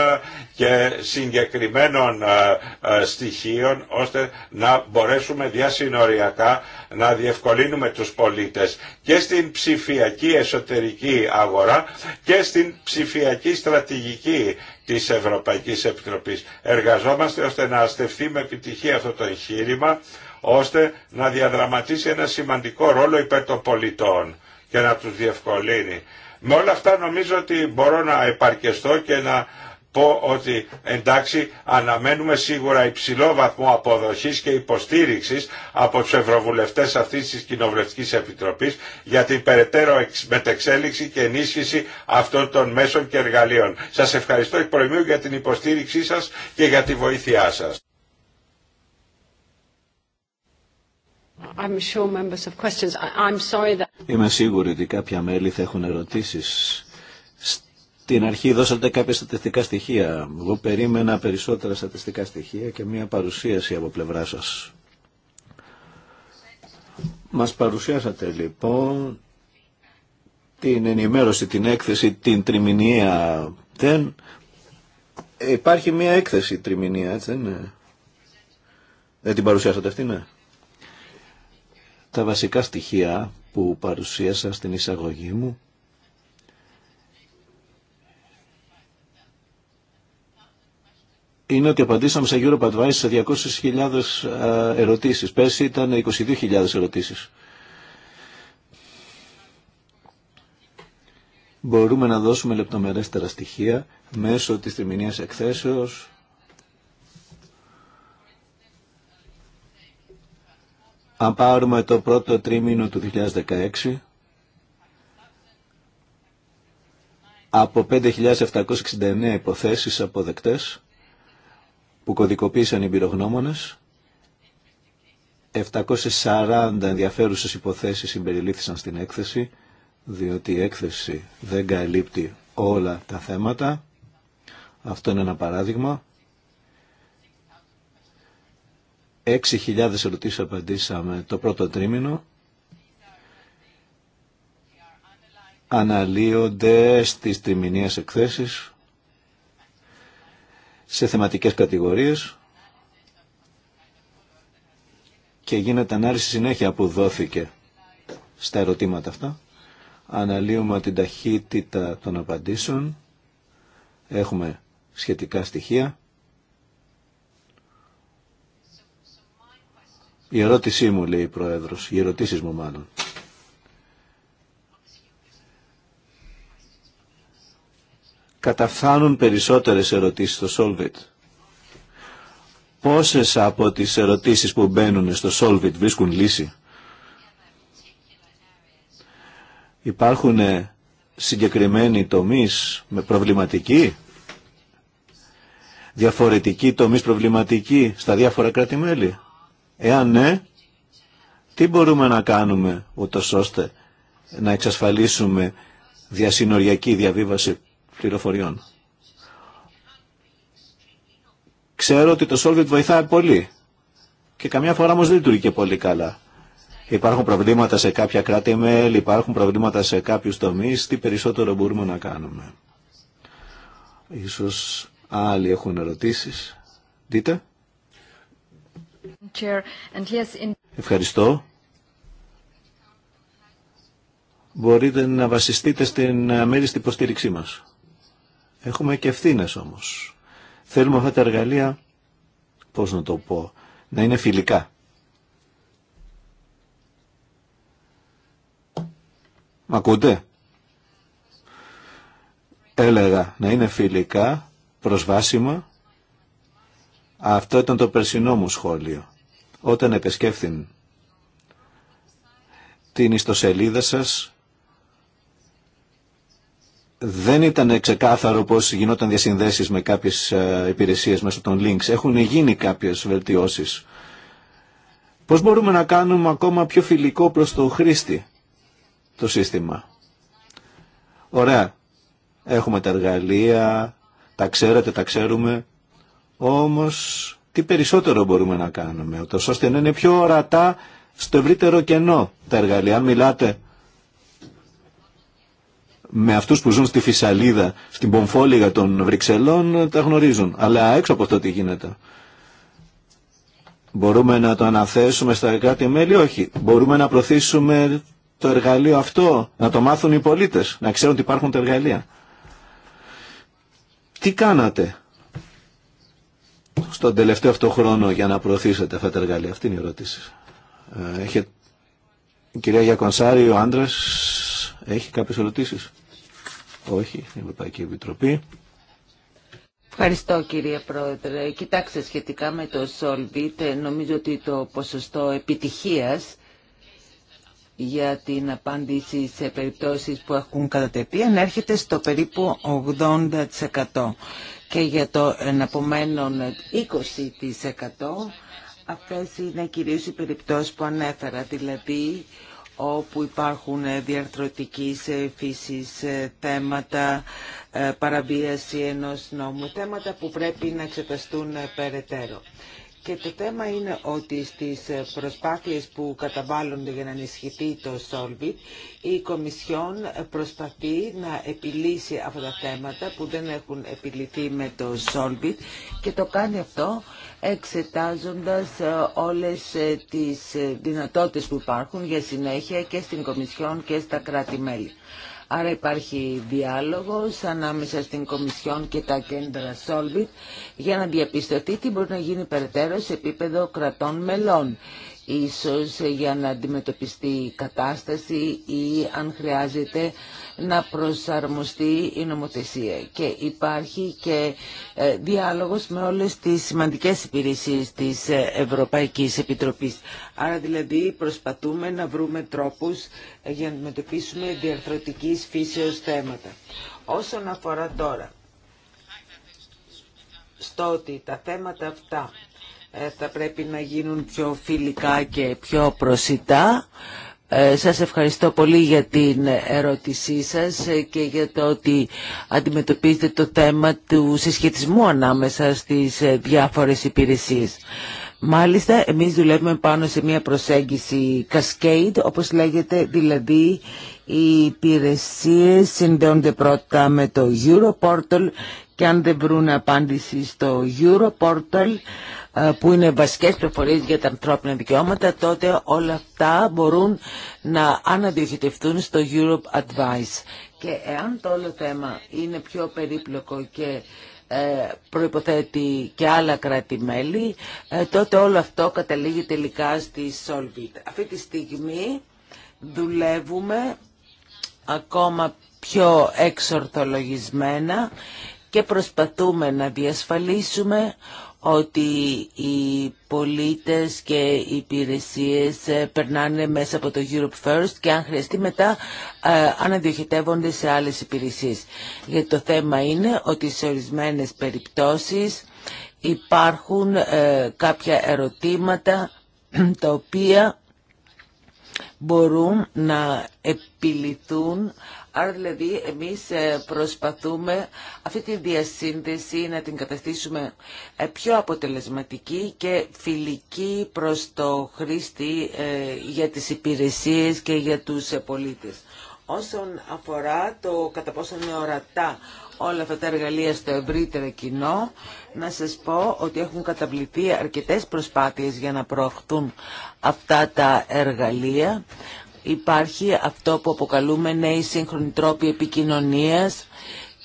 και συγκεκριμένων ε, ε, στοιχείων ώστε να μπορέσουμε διασυνοριακά να διευκολύνουμε τους πολίτες και στην ψηφιακή εσωτερική αγορά και στην ψηφιακή στρατηγική της Ευρωπαϊκής Επιτροπής. Εργαζόμαστε ώστε να αστευθεί με επιτυχία αυτό το εγχείρημα, ώστε να διαδραματίσει ένα σημαντικό ρόλο υπέρ των πολιτών και να τους διευκολύνει. Με όλα αυτά νομίζω ότι μπορώ να επαρκεστώ και να πω ότι εντάξει αναμένουμε σίγουρα υψηλό βαθμό αποδοχής και υποστήριξης από τους ευρωβουλευτές αυτής της Κοινοβουλευτικής Επιτροπής για την περαιτέρω μετεξέλιξη και ενίσχυση αυτών των μέσων και εργαλείων. Σας ευχαριστώ εκ προημίου για την υποστήριξή σας και για τη βοήθειά σας. Είμαι σίγουρη ότι κάποια μέλη θα έχουν ερωτήσεις την αρχή δώσατε κάποια στατιστικά στοιχεία. Εγώ περίμενα περισσότερα στατιστικά στοιχεία και μία παρουσίαση από πλευρά σας. Μας παρουσιάσατε λοιπόν την ενημέρωση, την έκθεση, την τριμηνία. Δεν... Υπάρχει μία έκθεση τριμηνία, έτσι δεν είναι. Δεν την παρουσιάσατε αυτή, ναι. Τα βασικά στοιχεία που παρουσίασα στην εισαγωγή μου είναι ότι απαντήσαμε σε Europe Advice σε 200.000 ε, ερωτήσεις. Πέρσι ήταν 22.000 ερωτήσεις. Μπορούμε να δώσουμε λεπτομερέστερα στοιχεία μέσω της τριμηνίας εκθέσεως. Αν πάρουμε το πρώτο τρίμηνο του 2016, από 5.769 υποθέσεις αποδεκτές, που κωδικοποίησαν οι πυρογνώμονε. 740 ενδιαφέρουσες υποθέσεις συμπεριλήφθησαν στην έκθεση, διότι η έκθεση δεν καλύπτει όλα τα θέματα. Αυτό είναι ένα παράδειγμα. 6.000 ερωτήσεις απαντήσαμε το πρώτο τρίμηνο. Αναλύονται στις τριμηνίες εκθέσεις σε θεματικές κατηγορίες και γίνεται ανάλυση συνέχεια που δόθηκε στα ερωτήματα αυτά. Αναλύουμε την ταχύτητα των απαντήσεων. Έχουμε σχετικά στοιχεία. Η ερώτησή μου, λέει η Πρόεδρος, οι ερωτήσεις μου μάλλον. καταφθάνουν περισσότερες ερωτήσεις στο Solvit. Πόσες από τις ερωτήσεις που μπαίνουν στο Solvit βρίσκουν λύση. Υπάρχουν συγκεκριμένοι τομείς με προβληματική, διαφορετικοί τομείς προβληματικοί στα διάφορα κράτη-μέλη. Εάν ναι, τι μπορούμε να κάνουμε ούτως ώστε να εξασφαλίσουμε διασυνοριακή διαβίβαση πληροφοριών. Ξέρω ότι το Solvit βοηθάει πολύ και καμιά φορά όμως δεν λειτουργεί και πολύ καλά. Υπάρχουν προβλήματα σε κάποια κράτη-μέλη, υπάρχουν προβλήματα σε κάποιους τομείς, τι περισσότερο μπορούμε να κάνουμε. Ίσως άλλοι έχουν ερωτήσεις. Δείτε. Ευχαριστώ. Μπορείτε να βασιστείτε στην ε, στην υποστήριξή μας. Έχουμε και ευθύνε όμως. Θέλουμε αυτά τα εργαλεία, πώς να το πω, να είναι φιλικά. Μ' ακούτε? Έλεγα να είναι φιλικά, προσβάσιμα. Αυτό ήταν το περσινό μου σχόλιο. Όταν επεσκέφθην την ιστοσελίδα σας δεν ήταν ξεκάθαρο πώς γινόταν διασυνδέσεις με κάποιες ε, υπηρεσίες μέσω των links. Έχουν γίνει κάποιες βελτιώσεις. Πώς μπορούμε να κάνουμε ακόμα πιο φιλικό προς το χρήστη το σύστημα. Ωραία. Έχουμε τα εργαλεία, τα ξέρετε, τα ξέρουμε. Όμως τι περισσότερο μπορούμε να κάνουμε, ώστε να είναι πιο ορατά στο ευρύτερο κενό τα εργαλεία. Αν μιλάτε με αυτούς που ζουν στη Φυσαλίδα, στην Πομφόλιγα των Βρυξελών, ε, τα γνωρίζουν. Αλλά έξω από αυτό τι γίνεται. Μπορούμε να το αναθέσουμε στα κάτι μέλη, όχι. Μπορούμε να προωθήσουμε το εργαλείο αυτό, να το μάθουν οι πολίτες, να ξέρουν ότι υπάρχουν τα εργαλεία. Τι κάνατε στον τελευταίο αυτό χρόνο για να προωθήσετε αυτά τα εργαλεία. Αυτή είναι η ερώτηση. Ε, κυρία Γιακονσάρη, ο άντρας, έχει κάποιες ερωτήσεις. Όχι, η Ευρωπαϊκή Επιτροπή. Ευχαριστώ κύριε Πρόεδρε. Κοιτάξτε σχετικά με το Solvit, νομίζω ότι το ποσοστό επιτυχίας για την απάντηση σε περιπτώσεις που έχουν κατατεθεί ανέρχεται στο περίπου 80% και για το εναπομένον 20% αυτές είναι κυρίως οι περιπτώσεις που ανέφερα, δηλαδή όπου υπάρχουν ε, διαρθρωτικής ε, φύσης ε, θέματα, παραβίαση ενός νόμου, θέματα που πρέπει να εξεταστούν περαιτέρω. Και το θέμα είναι ότι στις προσπάθειες που καταβάλλονται για να ενισχυθεί το Solvit, η Κομισιόν προσπαθεί να επιλύσει αυτά τα θέματα που δεν έχουν επιληθεί με το Solvit και το κάνει αυτό εξετάζοντας ε, όλες ε, τις ε, δυνατότητες που υπάρχουν για συνέχεια και στην Κομισιόν και στα κράτη-μέλη. Άρα υπάρχει διάλογος ανάμεσα στην Κομισιόν και τα κέντρα Solvit για να διαπιστωθεί τι μπορεί να γίνει περαιτέρω σε επίπεδο κρατών μελών. Ίσως για να αντιμετωπιστεί η κατάσταση ή αν χρειάζεται να προσαρμοστεί η νομοθεσία και υπάρχει και ε, διάλογος με όλες τις σημαντικές υπηρεσίες της ε, Ευρωπαϊκής Επιτροπής. Άρα δηλαδή προσπαθούμε να βρούμε τρόπους ε, για να αντιμετωπίσουμε διαρθρωτικής φύσεως θέματα. Όσον αφορά τώρα στο ότι τα θέματα αυτά θα πρέπει να γίνουν πιο φιλικά και πιο προσιτά. Ε, σας ευχαριστώ πολύ για την ερώτησή σας και για το ότι αντιμετωπίζετε το θέμα του συσχετισμού ανάμεσα στις ε, διάφορες υπηρεσίες. Μάλιστα, εμείς δουλεύουμε πάνω σε μια προσέγγιση cascade, όπως λέγεται, δηλαδή οι υπηρεσίες συνδέονται πρώτα με το Europortal και αν δεν βρουν απάντηση στο Europortal ε, που είναι βασικές προφορίες για τα ανθρώπινα δικαιώματα, τότε όλα αυτά μπορούν να αναδιοχετευτούν στο Europe Advice. Και εάν το όλο θέμα είναι πιο περίπλοκο και ε, προϋποθέτει και άλλα κράτη-μέλη, ε, τότε όλο αυτό καταλήγει τελικά στη Solvit. Αυτή τη στιγμή δουλεύουμε ακόμα πιο εξορθολογισμένα και προσπαθούμε να διασφαλίσουμε ότι οι πολίτες και οι υπηρεσίες ε, περνάνε μέσα από το Europe First και αν χρειαστεί μετά ε, αναδιοχετεύονται σε άλλες υπηρεσίες. Γιατί το θέμα είναι ότι σε ορισμένες περιπτώσεις υπάρχουν ε, κάποια ερωτήματα [CLEARS THROAT] τα οποία μπορούν να επιληθούν Άρα δηλαδή εμείς ε, προσπαθούμε αυτή τη διασύνδεση να την καταστήσουμε ε, πιο αποτελεσματική και φιλική προς το χρήστη ε, για τις υπηρεσίες και για τους πολίτες. Όσον αφορά το κατά πόσο είναι ορατά όλα αυτά τα εργαλεία στο ευρύτερο κοινό, να σας πω ότι έχουν καταβληθεί αρκετές προσπάθειες για να προωθούν αυτά τα εργαλεία. Υπάρχει αυτό που αποκαλούμε νέοι σύγχρονοι τρόποι επικοινωνίας,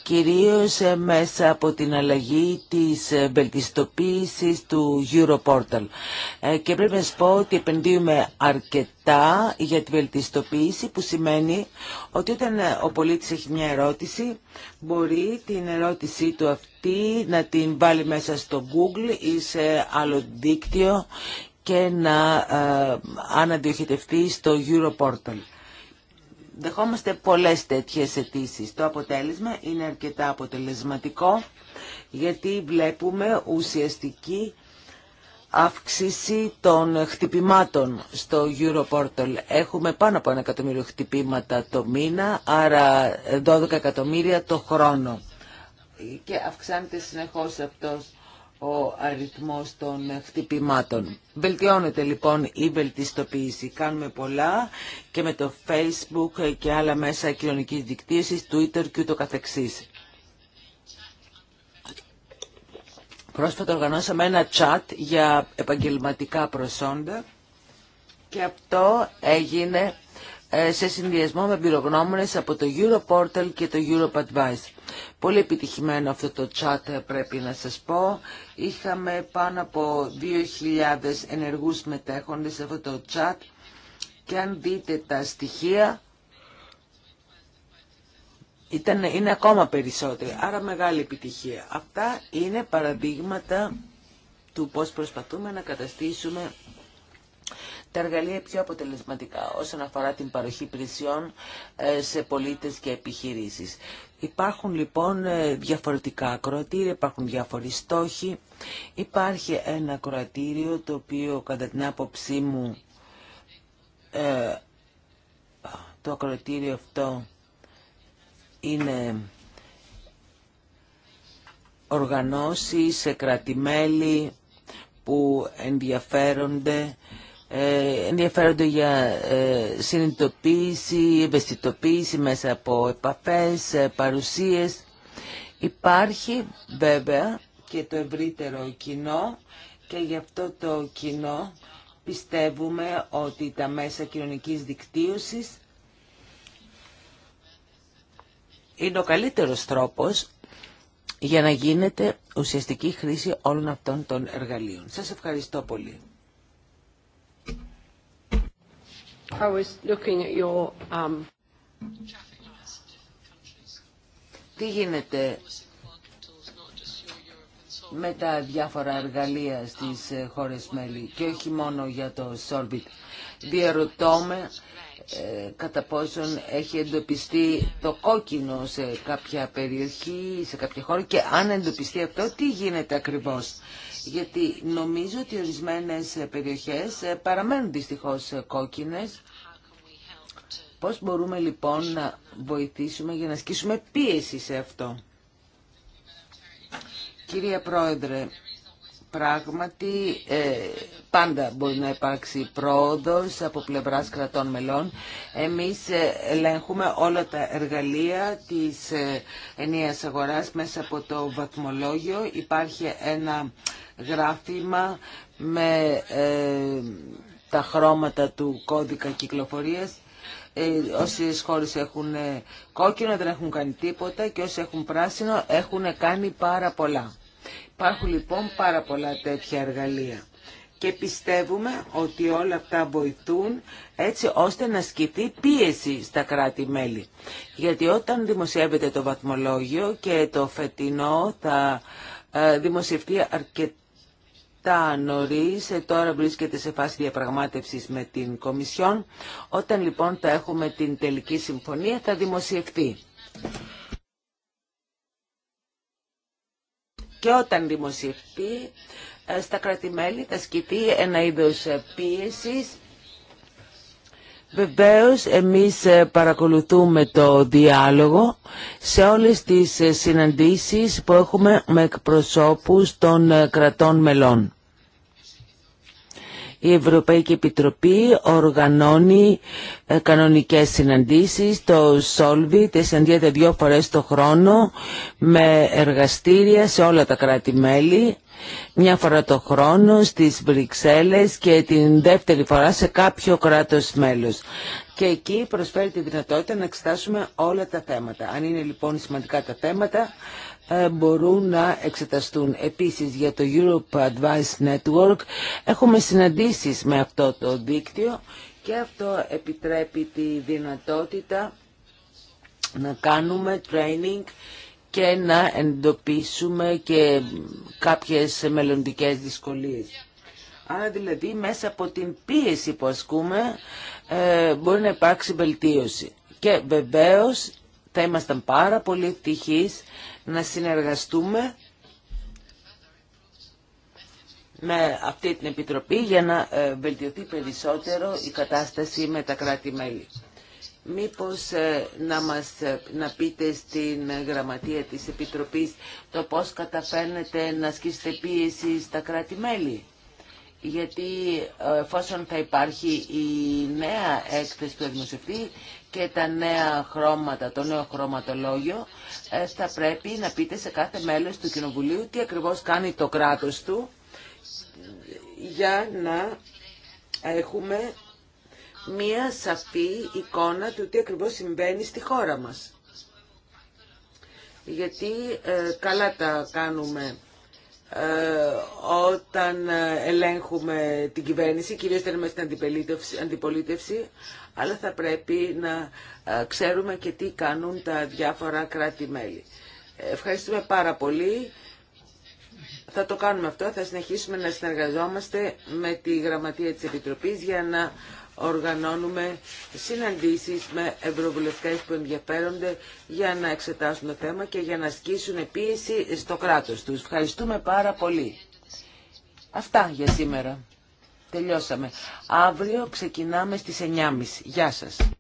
κυρίως ε, μέσα από την αλλαγή της ε, βελτιστοποίησης του Europortal. Ε, και πρέπει να σας πω ότι επενδύουμε αρκετά για τη βελτιστοποίηση που σημαίνει ότι όταν ο πολίτης έχει μια ερώτηση μπορεί την ερώτησή του αυτή να την βάλει μέσα στο Google ή σε άλλο δίκτυο και να ε, αναδιοχετευτεί στο Europortal. Δεχόμαστε πολλές τέτοιες αιτήσει. Το αποτέλεσμα είναι αρκετά αποτελεσματικό γιατί βλέπουμε ουσιαστική αύξηση των χτυπημάτων στο Europortal. Έχουμε πάνω από ένα εκατομμύριο χτυπήματα το μήνα, άρα 12 εκατομμύρια το χρόνο. Και αυξάνεται συνεχώς αυτός ο αριθμός των χτυπημάτων. Βελτιώνεται λοιπόν η βελτιστοποίηση. Κάνουμε πολλά και με το Facebook και άλλα μέσα κοινωνικής δικτύωσης, Twitter και ούτω καθεξής. Πρόσφατα οργανώσαμε ένα chat για επαγγελματικά προσόντα και αυτό έγινε ε, σε συνδυασμό με πυρογνώμονες από το Europortal και το Europe Advice. Πολύ επιτυχημένο αυτό το chat ε, πρέπει να σας πω. Είχαμε πάνω από 2.000 ενεργούς μετέχοντες σε αυτό το chat και αν δείτε τα στοιχεία ήταν, είναι ακόμα περισσότεροι, άρα μεγάλη επιτυχία. Αυτά είναι παραδείγματα του πώς προσπαθούμε να καταστήσουμε τα εργαλεία πιο αποτελεσματικά όσον αφορά την παροχή υπηρεσιών ε, σε πολίτες και επιχειρήσεις. Υπάρχουν λοιπόν ε, διαφορετικά ακροατήρια, υπάρχουν διάφοροι στόχοι. Υπάρχει ένα ακροατήριο το οποίο κατά την άποψή μου ε, το ακροατήριο αυτό είναι οργανώσεις σε κρατημέλη που ενδιαφέρονται ε, ενδιαφέρονται για ε, συνειδητοποίηση, ευαισθητοποίηση μέσα από επαφές, ε, παρουσίες. Υπάρχει βέβαια και το ευρύτερο κοινό και γι' αυτό το κοινό πιστεύουμε ότι τα μέσα κοινωνικής δικτύωσης είναι ο καλύτερος τρόπος για να γίνεται ουσιαστική χρήση όλων αυτών των εργαλείων. Σας ευχαριστώ πολύ. I was looking at your, um, Τι γίνεται με τα διάφορα εργαλεία στις ε, χώρες μέλη και όχι μόνο για το Solvit. Διερωτώ ε, κατά πόσον έχει εντοπιστεί το κόκκινο σε κάποια περιοχή, σε κάποια χώρα και αν εντοπιστεί αυτό, τι γίνεται ακριβώς. Γιατί νομίζω ότι ορισμένες περιοχές ε, παραμένουν δυστυχώς ε, κόκκινες. Πώς μπορούμε λοιπόν να βοηθήσουμε για να ασκήσουμε πίεση σε αυτό. Κυρία Πρόεδρε, Πράγματι, ε, πάντα μπορεί να υπάρξει πρόοδος από πλευράς κρατών μελών. Εμείς ε, ελέγχουμε όλα τα εργαλεία της ε, ενίας αγοράς μέσα από το βαθμολόγιο. Υπάρχει ένα γράφημα με τα χρώματα του κώδικα κυκλοφορίας όσες χώρες έχουν κόκκινο δεν έχουν κάνει τίποτα και όσοι έχουν πράσινο έχουν κάνει πάρα πολλά. Υπάρχουν λοιπόν πάρα πολλά τέτοια εργαλεία και πιστεύουμε ότι όλα αυτά βοηθούν έτσι ώστε να σκηθεί πίεση στα κράτη-μέλη. Γιατί όταν δημοσιεύεται το βαθμολόγιο και το φετινό θα ε, δημοσιευτεί αρκετά νωρίς, ε, τώρα βρίσκεται σε φάση διαπραγμάτευσης με την Κομισιόν, όταν λοιπόν θα έχουμε την τελική συμφωνία θα δημοσιευτεί. και όταν δημοσιευτεί ε, στα κρατημέλη θα σκηθεί ένα είδος ε, πίεσης Βεβαίως εμείς ε, παρακολουθούμε το διάλογο σε όλες τις συναντήσεις που έχουμε με εκπροσώπους των κρατών μελών η Ευρωπαϊκή Επιτροπή οργανώνει ε, κανονικές συναντήσεις, το Σόλβι συναντιέται δύο φορές το χρόνο με εργαστήρια σε όλα τα κράτη-μέλη μια φορά το χρόνο στις Βρυξέλλες και την δεύτερη φορά σε κάποιο κράτος μέλος. Και εκεί προσφέρει τη δυνατότητα να εξετάσουμε όλα τα θέματα. Αν είναι λοιπόν σημαντικά τα θέματα, ε, μπορούν να εξεταστούν. Επίσης για το Europe Advice Network έχουμε συναντήσεις με αυτό το δίκτυο και αυτό επιτρέπει τη δυνατότητα να κάνουμε training και να εντοπίσουμε και κάποιες μελλοντικές δυσκολίες. Άρα δηλαδή μέσα από την πίεση που ασκούμε ε, μπορεί να υπάρξει βελτίωση. Και βεβαίως θα ήμασταν πάρα πολύ ευτυχείς να συνεργαστούμε με αυτή την Επιτροπή για να ε, βελτιωθεί περισσότερο η κατάσταση με τα κράτη-μέλη. Μήπως ε, να μας ε, να πείτε στην γραμματεία της Επιτροπής το πώς καταφέρνετε να ασκήσετε πίεση στα κράτη-μέλη γιατί ε, εφόσον θα υπάρχει η νέα έκθεση του δημοσιευτεί και τα νέα χρώματα, το νέο χρωματολόγιο, ε, θα πρέπει να πείτε σε κάθε μέλος του Κοινοβουλίου τι ακριβώς κάνει το κράτος του για να έχουμε μία σαφή εικόνα του τι ακριβώς συμβαίνει στη χώρα μας. Γιατί ε, καλά τα κάνουμε ε, όταν ε, ελέγχουμε την κυβέρνηση, κυρίως όταν είμαστε στην αντιπολίτευση, αλλά θα πρέπει να ε, ξέρουμε και τι κάνουν τα διάφορα κράτη-μέλη. Ευχαριστούμε πάρα πολύ. Θα το κάνουμε αυτό, θα συνεχίσουμε να συνεργαζόμαστε με τη Γραμματεία της Επιτροπής για να οργανώνουμε συναντήσεις με ευρωβουλευτές που ενδιαφέρονται για να εξετάσουν το θέμα και για να ασκήσουν πίεση στο κράτος τους. Ευχαριστούμε πάρα πολύ. Αυτά για σήμερα. Τελειώσαμε. Αύριο ξεκινάμε στις 9.30. Γεια σας.